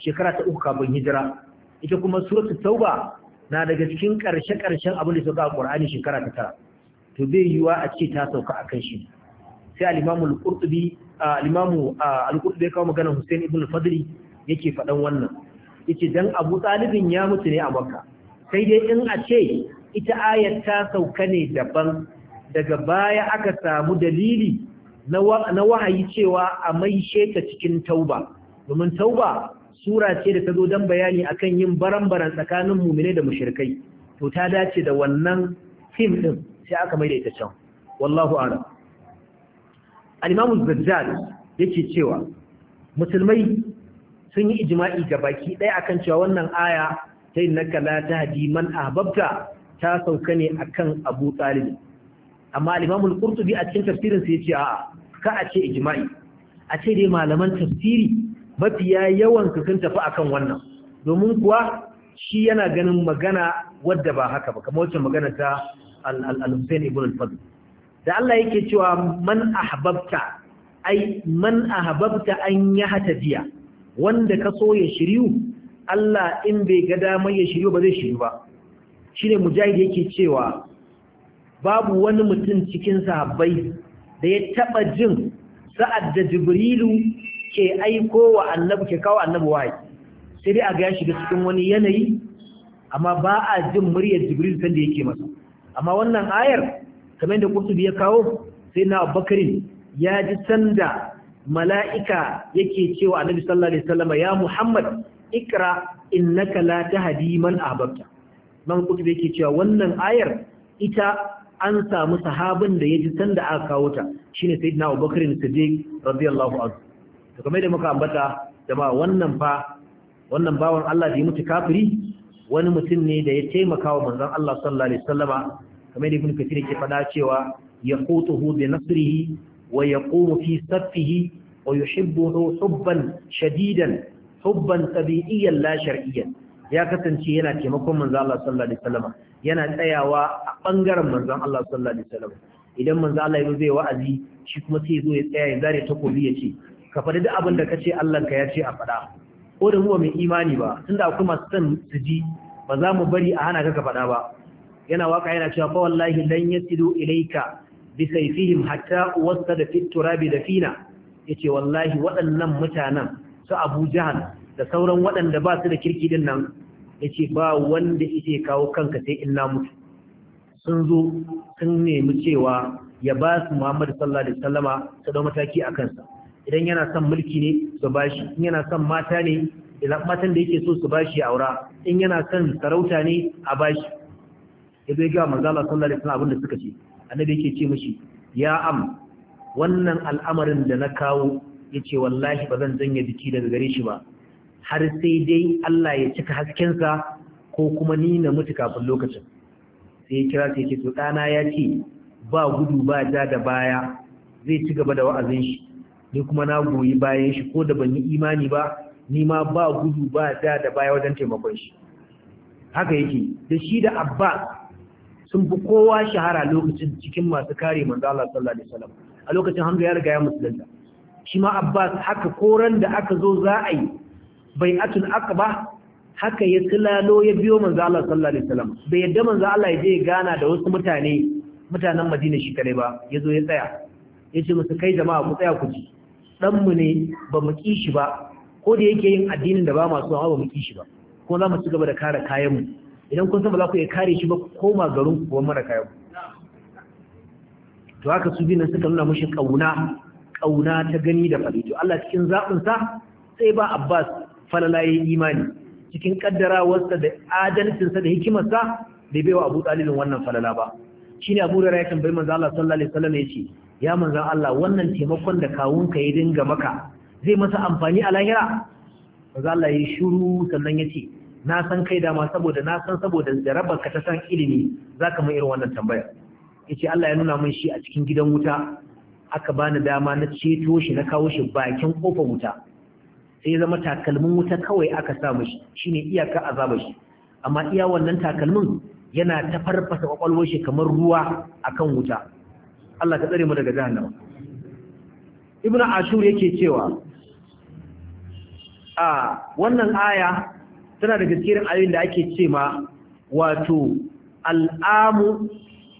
shekara ta uku kafin hijira ita kuma suratul tauba na daga cikin ƙarshe-ƙarshen abin da suka a ƙwar'ani shekara ta tara to bai yiwa a ce ta sauka a kan shi sai al'imamu al'urɗubi al'imamu ya kawo maganar hussein ibn fadli yake faɗan wannan yace dan Abu Talibin ya mutu ne a Makka sai dai in a ce ita ayat ta sauka ne daban daga baya aka samu dalili na wahayi cewa a mai ta cikin tauba domin tauba sura ce da ta zo don bayani akan yin barambaran tsakanin mumine da mushrikai to ta dace da wannan fim din sai aka mai da ita can wallahu a'lam al-imam az-zajjal yake cewa musulmai sun yi ijma'i ga baki ɗaya akan cewa wannan aya ta yi nakala ta hadi man ahbabta ta sauka ne akan Abu Talib amma al-Imam qurtubi a cikin tafsirin ya ce a'a ka a ce ijma'i a ce dai malaman tafsiri mafiya yawan su sun tafi akan wannan domin kuwa shi yana ganin magana wadda ba haka ba kamar wacce magana ta al-Husayn ibn al-Fadl da Allah yake cewa man ahbabta ai man ahbabta an wanda ka so ya shiryu Allah in bai ga damar ya shiryu ba zai shiryu ba shine mujahid yake cewa babu wani mutum cikin sahabbai da ya taɓa jin sa'ad da jibrilu ke aiko wa annabi ke kawo annabi wahayi sai dai a ga ya shiga cikin wani yanayi amma ba a jin muryar Jibrilu sanda yake masa amma wannan ayar kamar da kurtubi ya kawo sai na abubakarin ya ji sanda mala'ika yake cewa annabi sallallahu alaihi wasallam ya Muhammad ikra innaka la tahdi man ahbabta man kutubi yake cewa wannan ayar ita an samu sahabin da yaji ji sanda aka kawo ta shine sayyidina Abubakar Siddiq radiyallahu anhu to kamar da muka ambata jama'a wannan fa wannan bawan Allah da ya mutu kafiri wani mutum ne da ya taimaka wa manzon Allah sallallahu alaihi wasallama kamar da ibn Kathir yake faɗa cewa yaqutuhu bi nasrihi wa yaqumu fi saffihi wa yuhibbuhu hubban shadidan hubban tabi'iyyan la ya kasance yana taimakon manzo Allah sallallahu alaihi wasallam yana tsayawa a bangaren manzo Allah sallallahu alaihi wasallam idan manzo Allah ya zai wa'azi shi kuma sai zo ya tsaya ya zare kobi ya ce ka faɗi duk abin da kace Allah ka ya ce a faɗa ko da mu mai imani ba tunda akwai masu san su ji ba za mu bari a hana ka ka faɗa ba yana waka yana cewa fa wallahi lan yasidu ilaika. bisaifihim hatta wasta da fitturabi da fina yace wallahi waɗannan mutanen su abu da sauran waɗanda ba su da kirki din nan yace ba wanda ike kawo kanka sai in na mutu sun zo sun nemi cewa ya ba su muhammadu sallallahu alaihi wasallama su da mataki a kansa idan yana son mulki ne su bashi in yana son mata ne idan matan da yake so su bashi aura in yana son sarauta ne a bashi ya zo ga manzo sallallahu alaihi wasallam da suka ce annabi yake ce mishi ya am wannan al'amarin da na kawo yace wallahi ba zan janye jiki daga gare shi ba har sai dai Allah ya cika haskensa ko kuma ni na mutu kafin lokacin sai ya kira sai yake to ɗana ya ce ba gudu ba ja da baya zai ci gaba da wa'azin shi ni kuma na goyi bayan shi ko da ban yi imani ba ni ma ba gudu ba ja da baya wajen taimakon shi haka yake da shi da abba sun fi kowa shahara lokacin cikin masu kare manzo Allah sallallahu alaihi wasallam a lokacin Hamza ya riga ya musulunta shi ma Abbas haka koran da aka zo za a yi bai'atul aqba haka ya tilalo ya biyo manzo Allah sallallahu alaihi wasallam bai yadda manzo Allah ya je ya gana da wasu mutane mutanen Madina shi kare ba Ya zo ya tsaya Ya ce musu kai jama'a ku tsaya ku ji dan mu ne ba mu kishi ba ko da yake yin addinin da ba masu ba mu kishi ba ko za mu ci gaba da kare kayanmu. idan kun san ba za ku iya kare shi ba koma garin ku kuwa mara ku. to haka su bi nan suka nuna mashi ƙauna ƙauna ta gani da fari to Allah cikin zaɓinsa sai ba Abbas falala yi imani cikin wasu da adalcinsa da hikimarsa bai baiwa Abu Talibin wannan falala ba shine Abu Hurairah ya tambayi manzo Allah sallallahu alaihi wasallam yace ya manzo Allah wannan taimakon da kawunka ya dinga maka zai masa amfani a lahira manzo Allah ya shiru sannan ya ce. na san kai dama saboda na san saboda da ka ta san ilimi za ka mun irin wannan tambaya yace Allah ya nuna mun shi a cikin gidan wuta aka bani dama na ceto shi na kawo shi bakin kofar wuta sai ya zama takalmin wuta kawai aka sa mishi shine iyaka azaba shi amma iya wannan takalmin yana ta farfasa kwakwalwar shi kamar ruwa akan wuta Allah ka tsare mu daga jahannama ibnu Ashur yake cewa a wannan aya suna daga cikin ayoyin da ake ce ma wato al'amu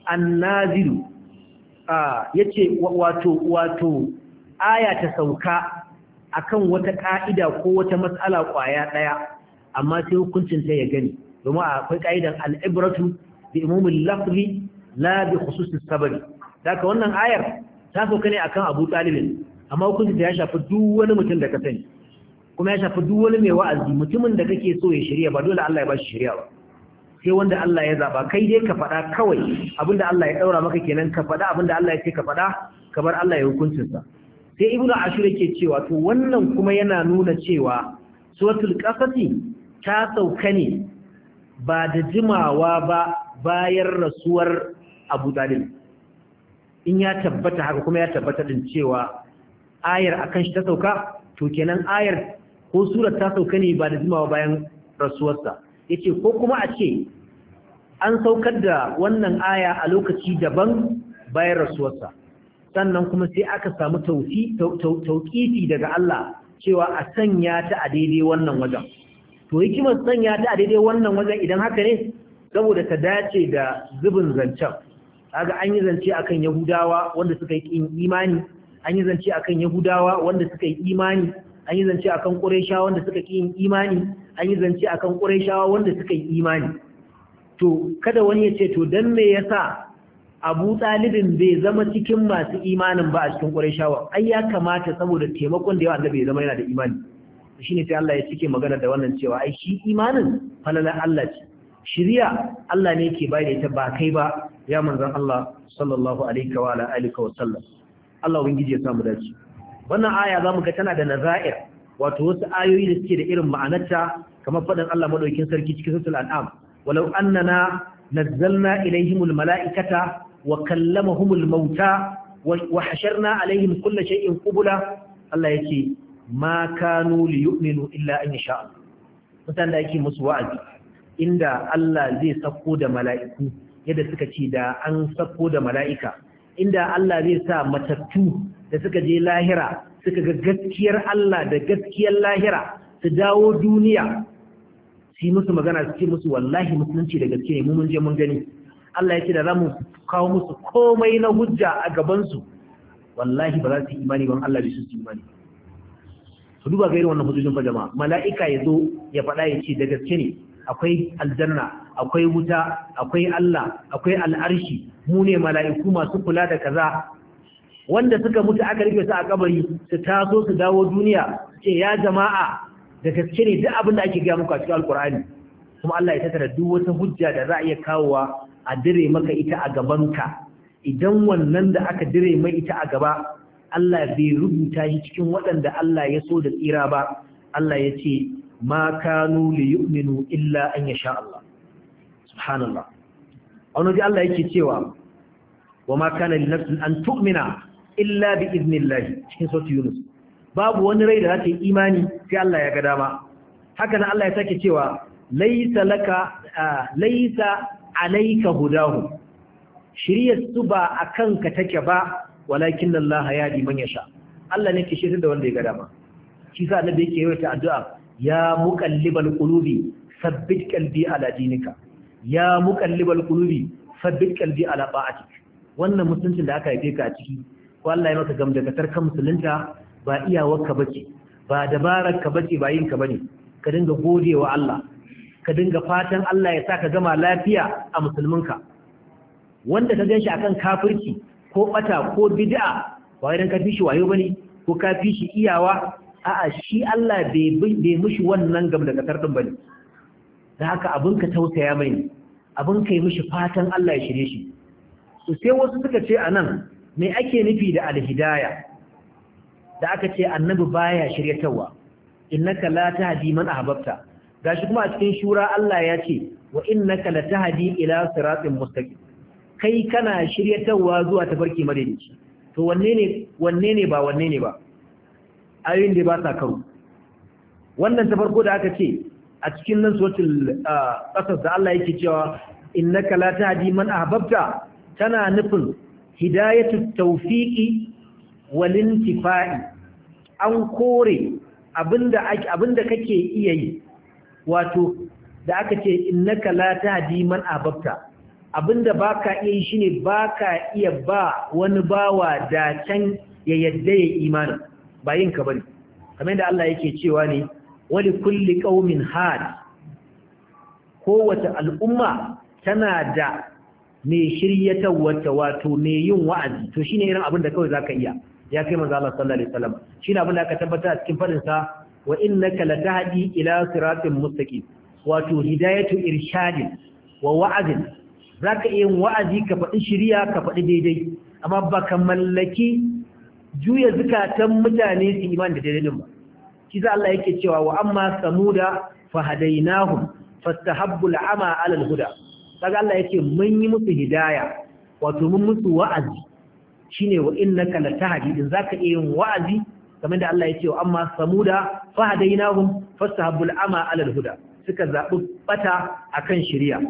annaziru a yace wato wato aya ta sauka akan wata ka'ida ko wata matsala kwaya daya amma sai hukuncin ta ya gani domin akwai ka'idan al'ibratu bi umumil lafzi la bi khususis sababi daga wannan ayar ta sauka ne akan Abu Talib amma hukuncin ta ya shafi duk wani mutum da ka sani kuma ya shafi duk wani mai wa'azi mutumin da kake so ya shirya ba dole Allah ya ba shi shirya ba sai wanda Allah ya zaba kai dai ka faɗa kawai abinda Allah ya ɗaura maka kenan ka faɗa abinda Allah ya ce ka faɗa ka Allah ya hukuncinsa sai ibnu ashir yake cewa to wannan kuma yana nuna cewa suratul qasasi ta sauka ne ba da jimawa ba bayan rasuwar Abu dalil in ya tabbata haka kuma ya tabbata din cewa ayar akan shi ta sauka to kenan ayar ko surar ta sauka ne ba da jimawa bayan rasuwarsa Ya ce ko kuma a ce an saukar da wannan aya a lokaci daban bayan rasuwarsa sannan kuma sai aka samu tauƙifi daga Allah cewa a sanya ta a daidai wannan wajen to hikimar sanya ta a daidai wannan wajen idan haka ne saboda ta dace da zubin zancen kaga an yi zance akan yahudawa wanda suka yi imani an yi zance akan yahudawa wanda suka yi imani an yi zance akan ƙurayshawa wanda suka ƙi imani an yi zance akan ƙurayshawa wanda suka yi imani to kada wani ya ce to dan me yasa Abu Talibin bai zama cikin masu imanin ba a cikin ƙurayshawa ai ya kamata saboda taimakon da yawa annabi bai zama yana da imani shine sai Allah ya cike magana da wannan cewa ai shi imanin falala Allah ce Shirya Allah ne ke bayar ita ba kai ba ya manzon Allah sallallahu alaihi wa alihi wa sallam Allah ubangiji ya samu dace wannan aya zamu ga tana da nazair wato wasu ayoyi da suke da irin ma'anarta kamar faɗin Allah madaukin sarki cikin suratul an'am walau annana nazzalna ilaihimul mala'ikata wa kallamahumul mauta wa hasharna alaihim kulla shay'in qubula Allah yake ma kanu liyu'minu illa an yasha Allah da yake musu wa'azi inda Allah zai sako da mala'iku yadda suka ce da an sako da mala'ika inda Allah zai sa matattu da suka je lahira suka ga gaskiyar Allah da gaskiyar lahira su dawo duniya su musu magana su ce musu wallahi musulunci da gaske ne mu mun je mun gani Allah ya ce da za mu kawo musu komai na hujja a gabansu wallahi ba za su imani ban Allah bai su imani su duba ga irin wannan hujjojin fa jama'a mala'ika ya zo ya faɗa ya ce da gaske ne akwai aljanna akwai wuta akwai Allah akwai al'arshi mu ne mala'iku masu kula da kaza wanda suka mutu aka rufe su a kabari su taso su dawo duniya ce ya jama'a da gaske ne duk abin da ake gaya muku a cikin alkur'ani kuma Allah ya tattara duk wata hujja da za a iya kawowa a dire maka ita a gabanka idan wannan da aka dire mai ita a gaba Allah bai rubuta shi cikin waɗanda Allah ya so da tsira ba Allah ya ce ma kanu li yu'minu illa an yasha Allah subhanallah wani Allah yake cewa wa ma kana li nafsin an tu'mina illa bi iznillahi cikin sautu yunus babu wani rai da za ta yi imani sai Allah ya ga dama haka nan Allah ya sake cewa laisa laka laisa alayka hudahu shiriyar su ba a kanka take ba walakin Allah ya di man yasha Allah ne ke shirya da wanda ya ga dama shi sa annabi yake yawaita addu'a ya muqallibal qulubi sabbit qalbi ala dinika ya muqallibal qulubi sabbit qalbi ala ta'atik wannan mutuncin da aka haife ka a ciki ko Allah ya maka gamdagatar kan musulunta ba iyawarka bace ba dabararka bace ba yinka bane ka dinga godewa Allah ka dinga fatan Allah ya saka gama lafiya a musulminka wanda ka ganshi akan kafirci ko bata ko bid'a ba idan ka fishi wayo bane ko ka fishi iyawa a'a shi Allah bai bai mushi wannan gamdagatar din bane da haka abin ka tausaya mai abin kai mushi fatan Allah ya shirye shi to sai wasu suka ce anan me ake nufi da alhidaya da aka ce annabi baya shiryatawa innaka la tahdi man ahbabta gashi kuma a cikin shura Allah ya ce wa innaka la tahdi ila siratin mustaqim kai kana shiryatawa zuwa tafarki madaidaici to wanne ne wanne ne ba wanne ne ba ayoyin da ba ta wannan ta farko da aka ce a cikin nan suratul qasas da Allah yake cewa innaka la tahdi man ahbabta tana nufin hidayatu tawfiqi wal intifa'i an kore abinda abinda kake iya yi wato da aka ce innaka la tahdi man ababta abinda baka iya yi shine baka iya ba wani bawa da can ya yadda ya imani ba yin ka bane kamar da Allah yake cewa ne wali kulli qaumin had kowace al'umma tana da mai shiryatawarta wato mai yin wa'azi to shine irin abin da kawai zaka iya ya kai manzo Allah sallallahu alaihi wasallam shine abin da aka tabbata a cikin fadin sa wa innaka latahdi ila siratin mustaqim wato hidayatu irshadin wa wa'azin zaka iya yin wa'azi ka faɗi shiriya ka faɗi daidai amma baka mallaki juya zukatan mutane su iman da daidai ba shi za Allah yake cewa wa amma samuda fa hadainahum fastahabbu al'ama 'ala al-huda kaga Allah yake mun yi musu hidaya wato mun musu wa'azi shine wa innaka tahdi din zaka iya yin wa'azi kamar da Allah yake amma samuda hadainahum fastahabul ama ala alhuda suka zabi bata akan shari'a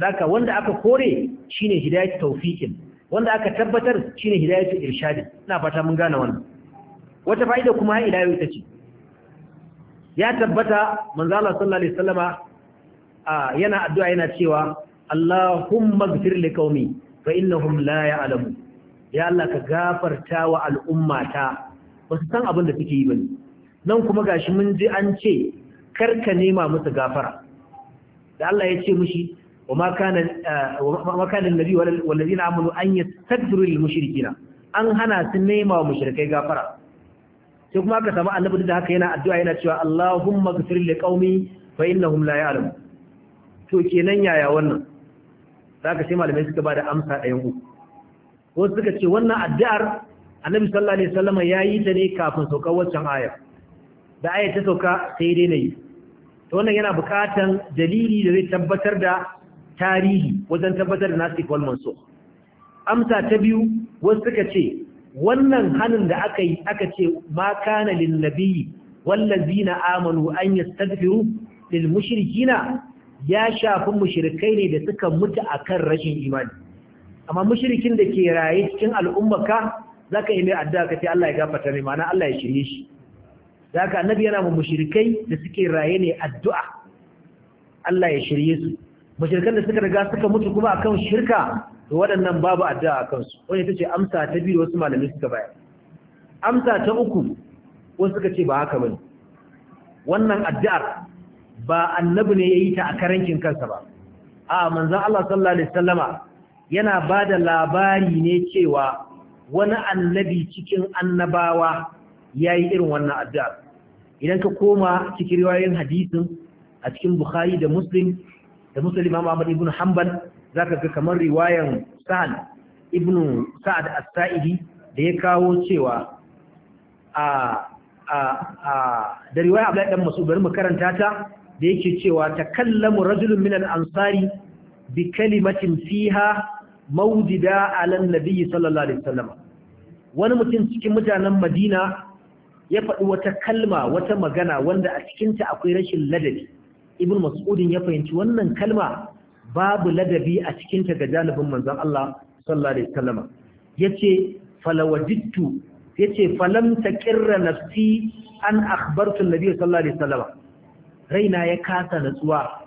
zaka wanda aka kore shine hidayatu tawfiqin wanda aka tabbatar shine hidayatu irshadin ina fata mun gane wannan wata fa'ida kuma ila yau ita ce ya tabbata manzo Allah sallallahu alaihi wasallama yana addu'a yana cewa Allahumma gfir li qaumi fa innahum la ya'lamun ya Allah ka gafarta wa al'ummata ba su san abin da suke yi bane nan kuma gashi mun ji an ce karka nema musu gafara da Allah ya ce mushi وما كان وما كان النبي والذين امنوا ان يستغفروا للمشركين an hana su nema wa mushrikai gafara sai kuma aka samu annabi da haka yana addu'a yana cewa Allahumma ghfir li qaumi fa innahum la ya'lamun to kenan yaya wannan zaka aka sai malamai suka ba da amsa ɗayan uku wasu suka ce wannan addu'ar annabi sallallahu alaihi wasallam ya yi ta ne kafin saukar waccan ayar da ayar ta sauka sai dai nayi to wannan yana bukatan dalili da zai tabbatar da tarihi wajen tabbatar da nasik wal mansukh amsa ta biyu wasu suka ce wannan hanin da aka yi aka ce ma kana lin nabiyyi wallazina amanu an yastaghfiru lil mushrikina ya shafi mushrikai ne da suka mutu akan rashin imani amma mushrikin da ke raye cikin za zaka yi mai addu'a kace Allah ya gafarta mai ma'ana Allah ya shirye shi zaka annabi yana mu mushrikai da suke raye ne addu'a Allah ya shirye su mushrikan da suka riga suka mutu kuma akan shirka to waɗannan babu addu'a akan su wani tace amsa ta biyu wasu malami suka bayar amsa ta uku wasu suka ce ba haka bane wannan addu'ar ba annabi ne yayi ta a karankin kansa ba a manzon Allah sallallahu alaihi wasallama yana bada labari ne cewa wani annabi cikin annabawa yayi irin wannan addu'a idan ka koma cikin riwayoyin hadisin a cikin Bukhari da Muslim da Muslim Imam Ahmad ibn Hanbal zaka ga kamar riwayan Sa'ad ibn Sa'ad As-Sa'idi da ya kawo cewa a a a da riwaya Abdullahi dan makarantata. bari mu karanta ta da yake cewa ta takallamu rajulun minan ansari bi kalimatin fiha mawdida ala nabiyyi sallallahu alaihi wasallam wani mutum cikin mutanen Madina ya faɗi wata kalma wata magana wanda a cikinta akwai rashin ladabi ibnu mas'udin ya fahimci wannan kalma babu ladabi a cikinta ga janibin manzon Allah sallallahu alaihi wasallam yace falawajittu yace falam taqirra nafsi an akhbartu an sallallahu alaihi wasallam raina ya kasa natsuwa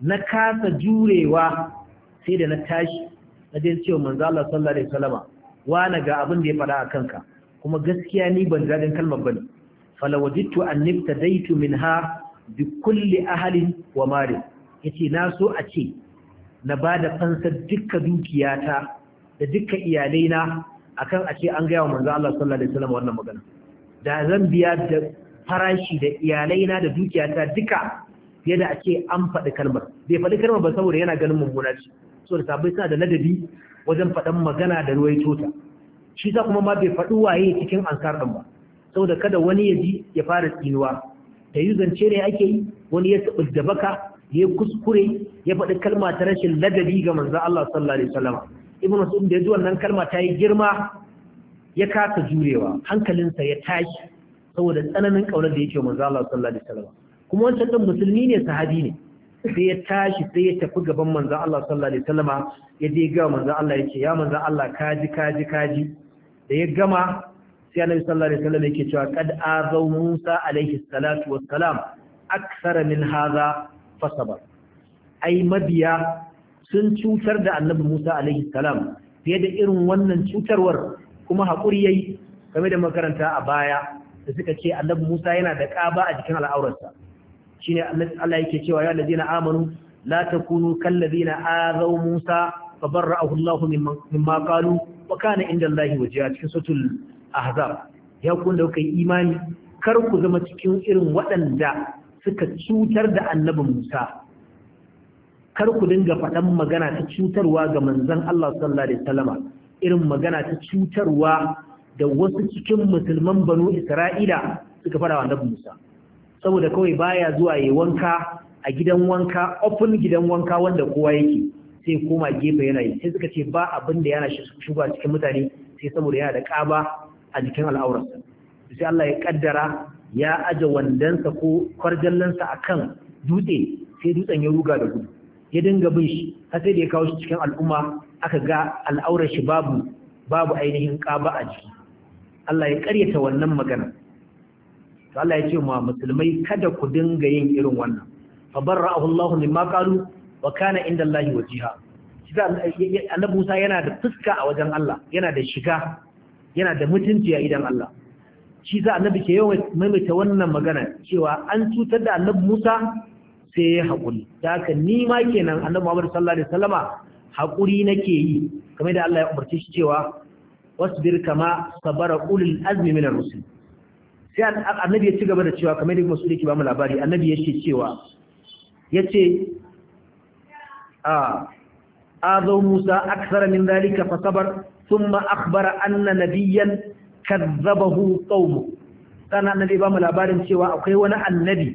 na kasa jurewa sai da na tashi na je cewa manzo Allah sallallahu alaihi wasallama na ga abin da ya faɗa a kanka kuma gaskiya ni ban daɗin kalmar bane falawajittu an ibtadaitu minha bi kulli ahlin wa mali yace na so a ce na bada fansar dukka dukiyata da dukka iyalaina akan a ce an gaya wa manzo Allah sallallahu alaihi wasallam wannan magana da zan biya da farashi da iyalai na da dukiyata duka fiye da a an faɗi kalmar bai faɗi kalmar ba saboda yana ganin mummuna ce so da sabai suna da ladabi wajen faɗan magana da ruwai tota shi sa kuma ma bai faɗi waye cikin ansar ɗin ba saboda kada wani ya ji ya fara tsinuwa ta yi zance ne ake yi wani ya taɓa da baka ya kuskure ya faɗi kalma ta rashin ladabi ga manzo Allah sallallahu alaihi wasallam ibnu mas'ud da ya ji wannan kalma ta yi girma ya kasa jurewa hankalinsa ya tashi saboda tsananin ƙaunar da yake wa manzo Allah sallallahu alaihi wasallam kuma wancan dan musulmi ne sahabi ne sai ya tashi sai ya tafi gaban manzo Allah sallallahu alaihi wasallam ya je ga manzo Allah yake ya manzo Allah kaji kaji kaji da ya gama sai annabi sallallahu alaihi wasallam yake cewa qad azau Musa alaihi salatu wassalam akthara min hadha fasabar ai mabiya sun cutar da annabi Musa alaihi salam fiye da irin wannan cutarwar kuma haƙuri yayi game da makaranta a baya da suka ce annabi Musa yana da ƙaba a jikin al'aurarsa shine Allah yake cewa ya ladina amanu la takunu kal ladina azaw Musa fa barra'ahu Allah mimma qalu wa kana inda Allah wajiya cikin suratul ahzab ya kun da kai imani kar ku zama cikin irin waɗanda suka cutar da annabi Musa kar ku dinga faɗan magana ta cutarwa ga manzon Allah sallallahu alaihi wasallama irin magana ta cutarwa da wasu cikin musulman banu isra'ila suka fara wa annabi musa saboda kawai baya zuwa yi wanka a gidan wanka open gidan wanka wanda kowa yake sai koma gefe yana yi sai suka ce ba abin da yana shugaba cikin mutane sai saboda yana da kaba a jikin al'aurarsa sai Allah ya kaddara ya aje wandansa ko a akan dutse sai dutsen ya ruga da gudu ya dinga bin shi har sai da ya kawo shi cikin al'umma aka ga al'aurar shi babu babu ainihin kaba a jiki Allah ya karyata wannan magana to Allah ya ce ma musulmai kada ku dinga yin irin wannan fa barra'ahu Allahu mimma qalu wa kana inda Allahi wajiha annabi Musa yana da fuska a wajen Allah yana da shiga yana da mutunci a idan Allah shi za annabi ke yawan maimaita wannan magana cewa an cutar da annabi Musa sai ya haƙuri da haka ni ma kenan annabi Muhammad sallallahu alaihi wasallama haƙuri nake yi kamar da Allah ya umarce shi cewa wasbir kama sabara ulul azmi minar rusul sai annabi ya ci gaba da cewa kamar yadda masu yake ba mu labari annabi yake cewa yace a azo Musa akthara min dalika fa sabar thumma akhbara anna nabiyyan kadzabahu qaum kana annabi ba mu labarin cewa akwai wani annabi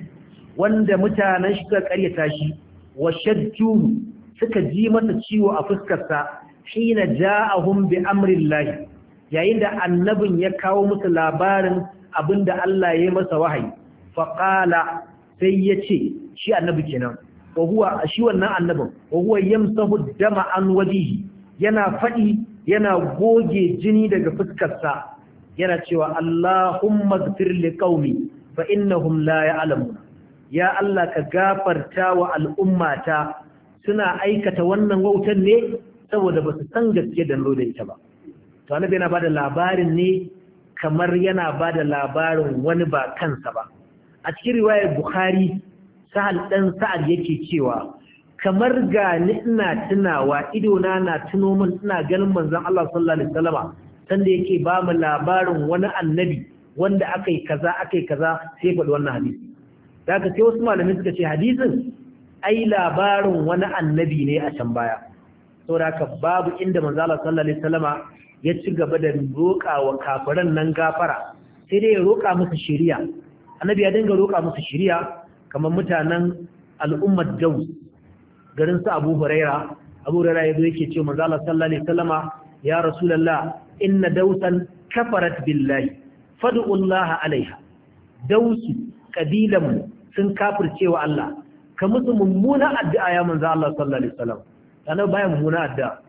wanda mutanen shi suka karyata shi wa shajju suka ji masa ciwo a fuskar sa na ja'ahum bi amri Allah yayin da annabin ya kawo musu labarin abinda Allah ya masa wahayi faƙala sai ya ce shi annabi kenan wa huwa shi wannan annabin wa yamsahu dama an wajihi yana fadi yana goge jini daga fuskarsa yana cewa Allahumma ghfir li qaumi fa innahum la ya'lamun ya Allah ka gafarta wa al'ummata suna aikata wannan wautan ne saboda ba su san gaske da da ita ba to annabi yana bada labarin ne kamar yana bada labarin wani ba kansa ba a cikin riwayar bukhari sahal dan sa'ad yake cewa kamar ga ni ina tunawa idona na tuno min ina ganin manzon Allah sallallahu alaihi wasallama sanda yake ba mu labarin wani annabi wanda akai yi kaza akai kaza sai faɗi wannan hadisi daga sai wasu malamai suka ce hadisin ai labarin wani annabi ne a can baya saboda haka babu inda manzo Allah sallallahu alaihi wasallama ya ci gaba da roƙa wa kafiran nan gafara sai dai ya roƙa musu shiriya annabi ya dinga roƙa musu shiriya kamar mutanen al'ummar daus garin su abu huraira abu huraira ya zo yake ce manzo Allah sallallahu alaihi wasallama ya rasulullah inna dausan kafarat billahi fad'u Allah alaiha dausu kabilan sun kafirce wa Allah ka musu mummuna addu'a ya manzo Allah sallallahu alaihi wasallam annabi baya mummuna addu'a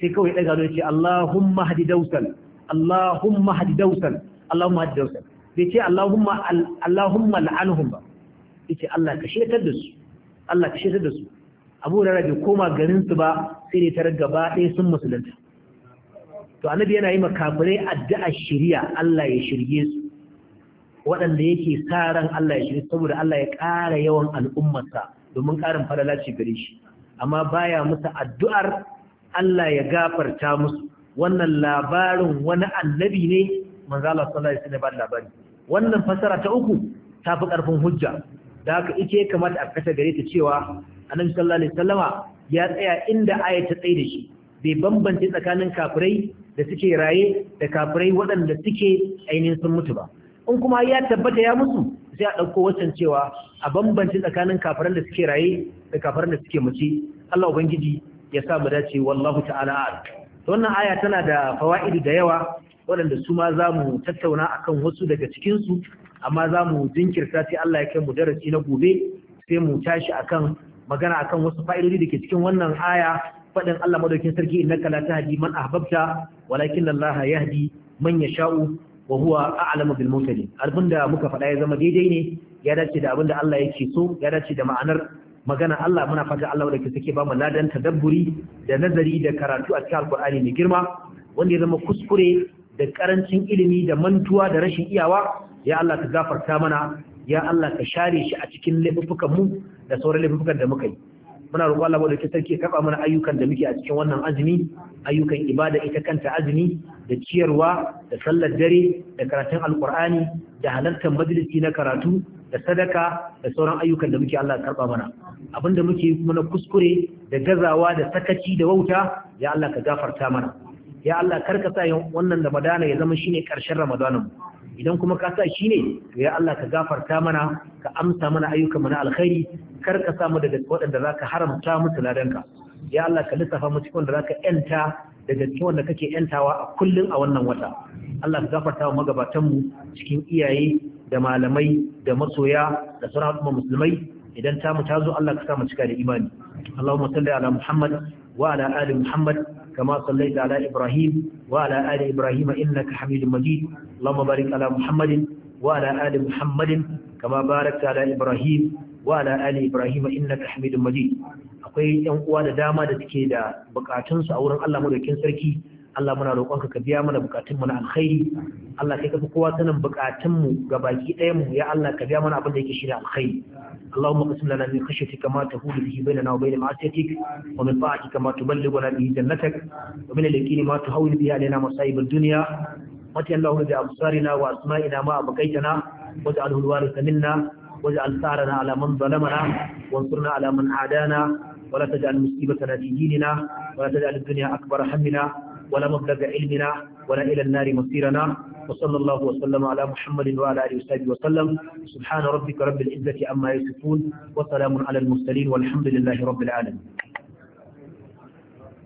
sai kawai daga ya ce Allahumma hadi dausan Allahumma hadi dausan Allahumma hadi dausan bai ce Allahumma Allahumma la'anhum ba yace Allah ka shetar da su Allah ka shetar da su Abu Hurairah bai koma garin su ba sai ne tarar gaba ɗaya sun musulunta to annabi yana yi makafirai addu'a shiriya Allah ya shirye su waɗanda yake sa ran Allah ya shirye saboda Allah ya ƙara yawan al'ummarsa domin ƙarin fara lalace gare shi amma baya musu addu'ar Allah ya gafarta musu wannan labarin wani annabi ne manzo Allah sallallahu alaihi wasallam labari wannan fasara ta uku ta fi karfin hujja da haka ike kamata a kasa gare ta cewa annabi sallallahu alaihi wasallam ya tsaya inda aya ta tsaye da shi bai bambance tsakanin kafirai da suke raye da kafirai waɗanda suke ainihin sun mutu ba in kuma ya tabbata ya mutu sai a ɗauko wacan cewa a bambance tsakanin kafiran da suke raye da kafiran da suke mace Allah Ubangiji ya sa mu dace wallahu ta'ala wannan aya tana da fawa'idu da yawa waɗanda su ma za mu tattauna akan wasu daga cikinsu amma za mu jinkirta sai Allah ya kai mu darasi na gobe sai mu tashi akan magana akan wasu fa'idodi da ke cikin wannan aya faɗin Allah madaukin sarki innaka la ta man ahbabta walakin Allah yahdi man sha'u wa huwa a'lamu bil muhtadin abinda muka faɗa ya zama daidai ne ya dace da abinda Allah yake so ya dace da ma'anar magana Allah muna fata Allah da ke ba mu ladan tadabburi da nazari da karatu a cikin Alƙur'ani mai girma wanda ya zama kuskure da karancin ilimi da mantuwa da rashin iyawa ya Allah ka gafarta mana ya Allah ka share shi a cikin laifukan mu da sauran laifukan da muka yi muna roƙon Allah madaukakin sarki ya karɓa mana ayyukan da muke a cikin wannan azumi ayyukan ibada ita kanta azumi da ciyarwa da sallar dare da karatun alqur'ani da halartar majalisi na karatu da sadaka da sauran ayyukan da muke Allah karɓa mana abinda muke mana kuskure da gazawa da sakaci da wauta ya Allah ka gafarta mana ya Allah karka sa wannan Ramadana ya zama shine karshen Ramadanan mu idan kuma ka sa shi ne to ya Allah ka gafarta mana ka amsa mana ayyukan mu na alkhairi kar ka samu daga waɗanda zaka haramta musu ladanka ya Allah ka lissafa mu cikin da zaka yanta daga cikin wanda kake yantawa a kullun a wannan wata Allah ka gafarta wa magabatan mu cikin iyaye da malamai da masoya da sauran musulmai idan ta mu ta zo Allah ka sa mu cika da imani Allahumma salli ala Muhammad وعلى آل محمد كما صليت على إبراهيم وعلى آل إبراهيم إنك حميد مجيد اللهم بارك على محمد وعلى آل محمد كما باركت على إبراهيم وعلى آل إبراهيم إنك حميد مجيد akwai ƴan uwa da dama da suke da bukatunsu a wurin Allah madaukakin sarki Allah muna roƙonka ka biya mana bukatunmu na alkhairi Allah kai ka fi kowa sanin bukatunmu ga baki ɗayan mu ya Allah ka biya mana abin da yake shi da alkhairi اللهم اقسم لنا من خشيتك ما تهول به بيننا وبين معصيتك ومن طاعتك ما تبلغنا به جنتك ومن اليقين ما تهون به علينا مصائب الدنيا واتي اللهم بأبصارنا وأسمائنا ما أبقيتنا واجعله الوارث منا واجعل ثارنا على من ظلمنا وانصرنا على من عادانا ولا تجعل مصيبتنا في ديننا ولا تجعل الدنيا أكبر همنا ولا مبلغ علمنا ولا إلى النار مصيرنا وصلى الله وسلم على محمد وعلى آله وصحبه وسلم سبحان ربك رب العزة عما يصفون وسلام على المرسلين والحمد لله رب العالمين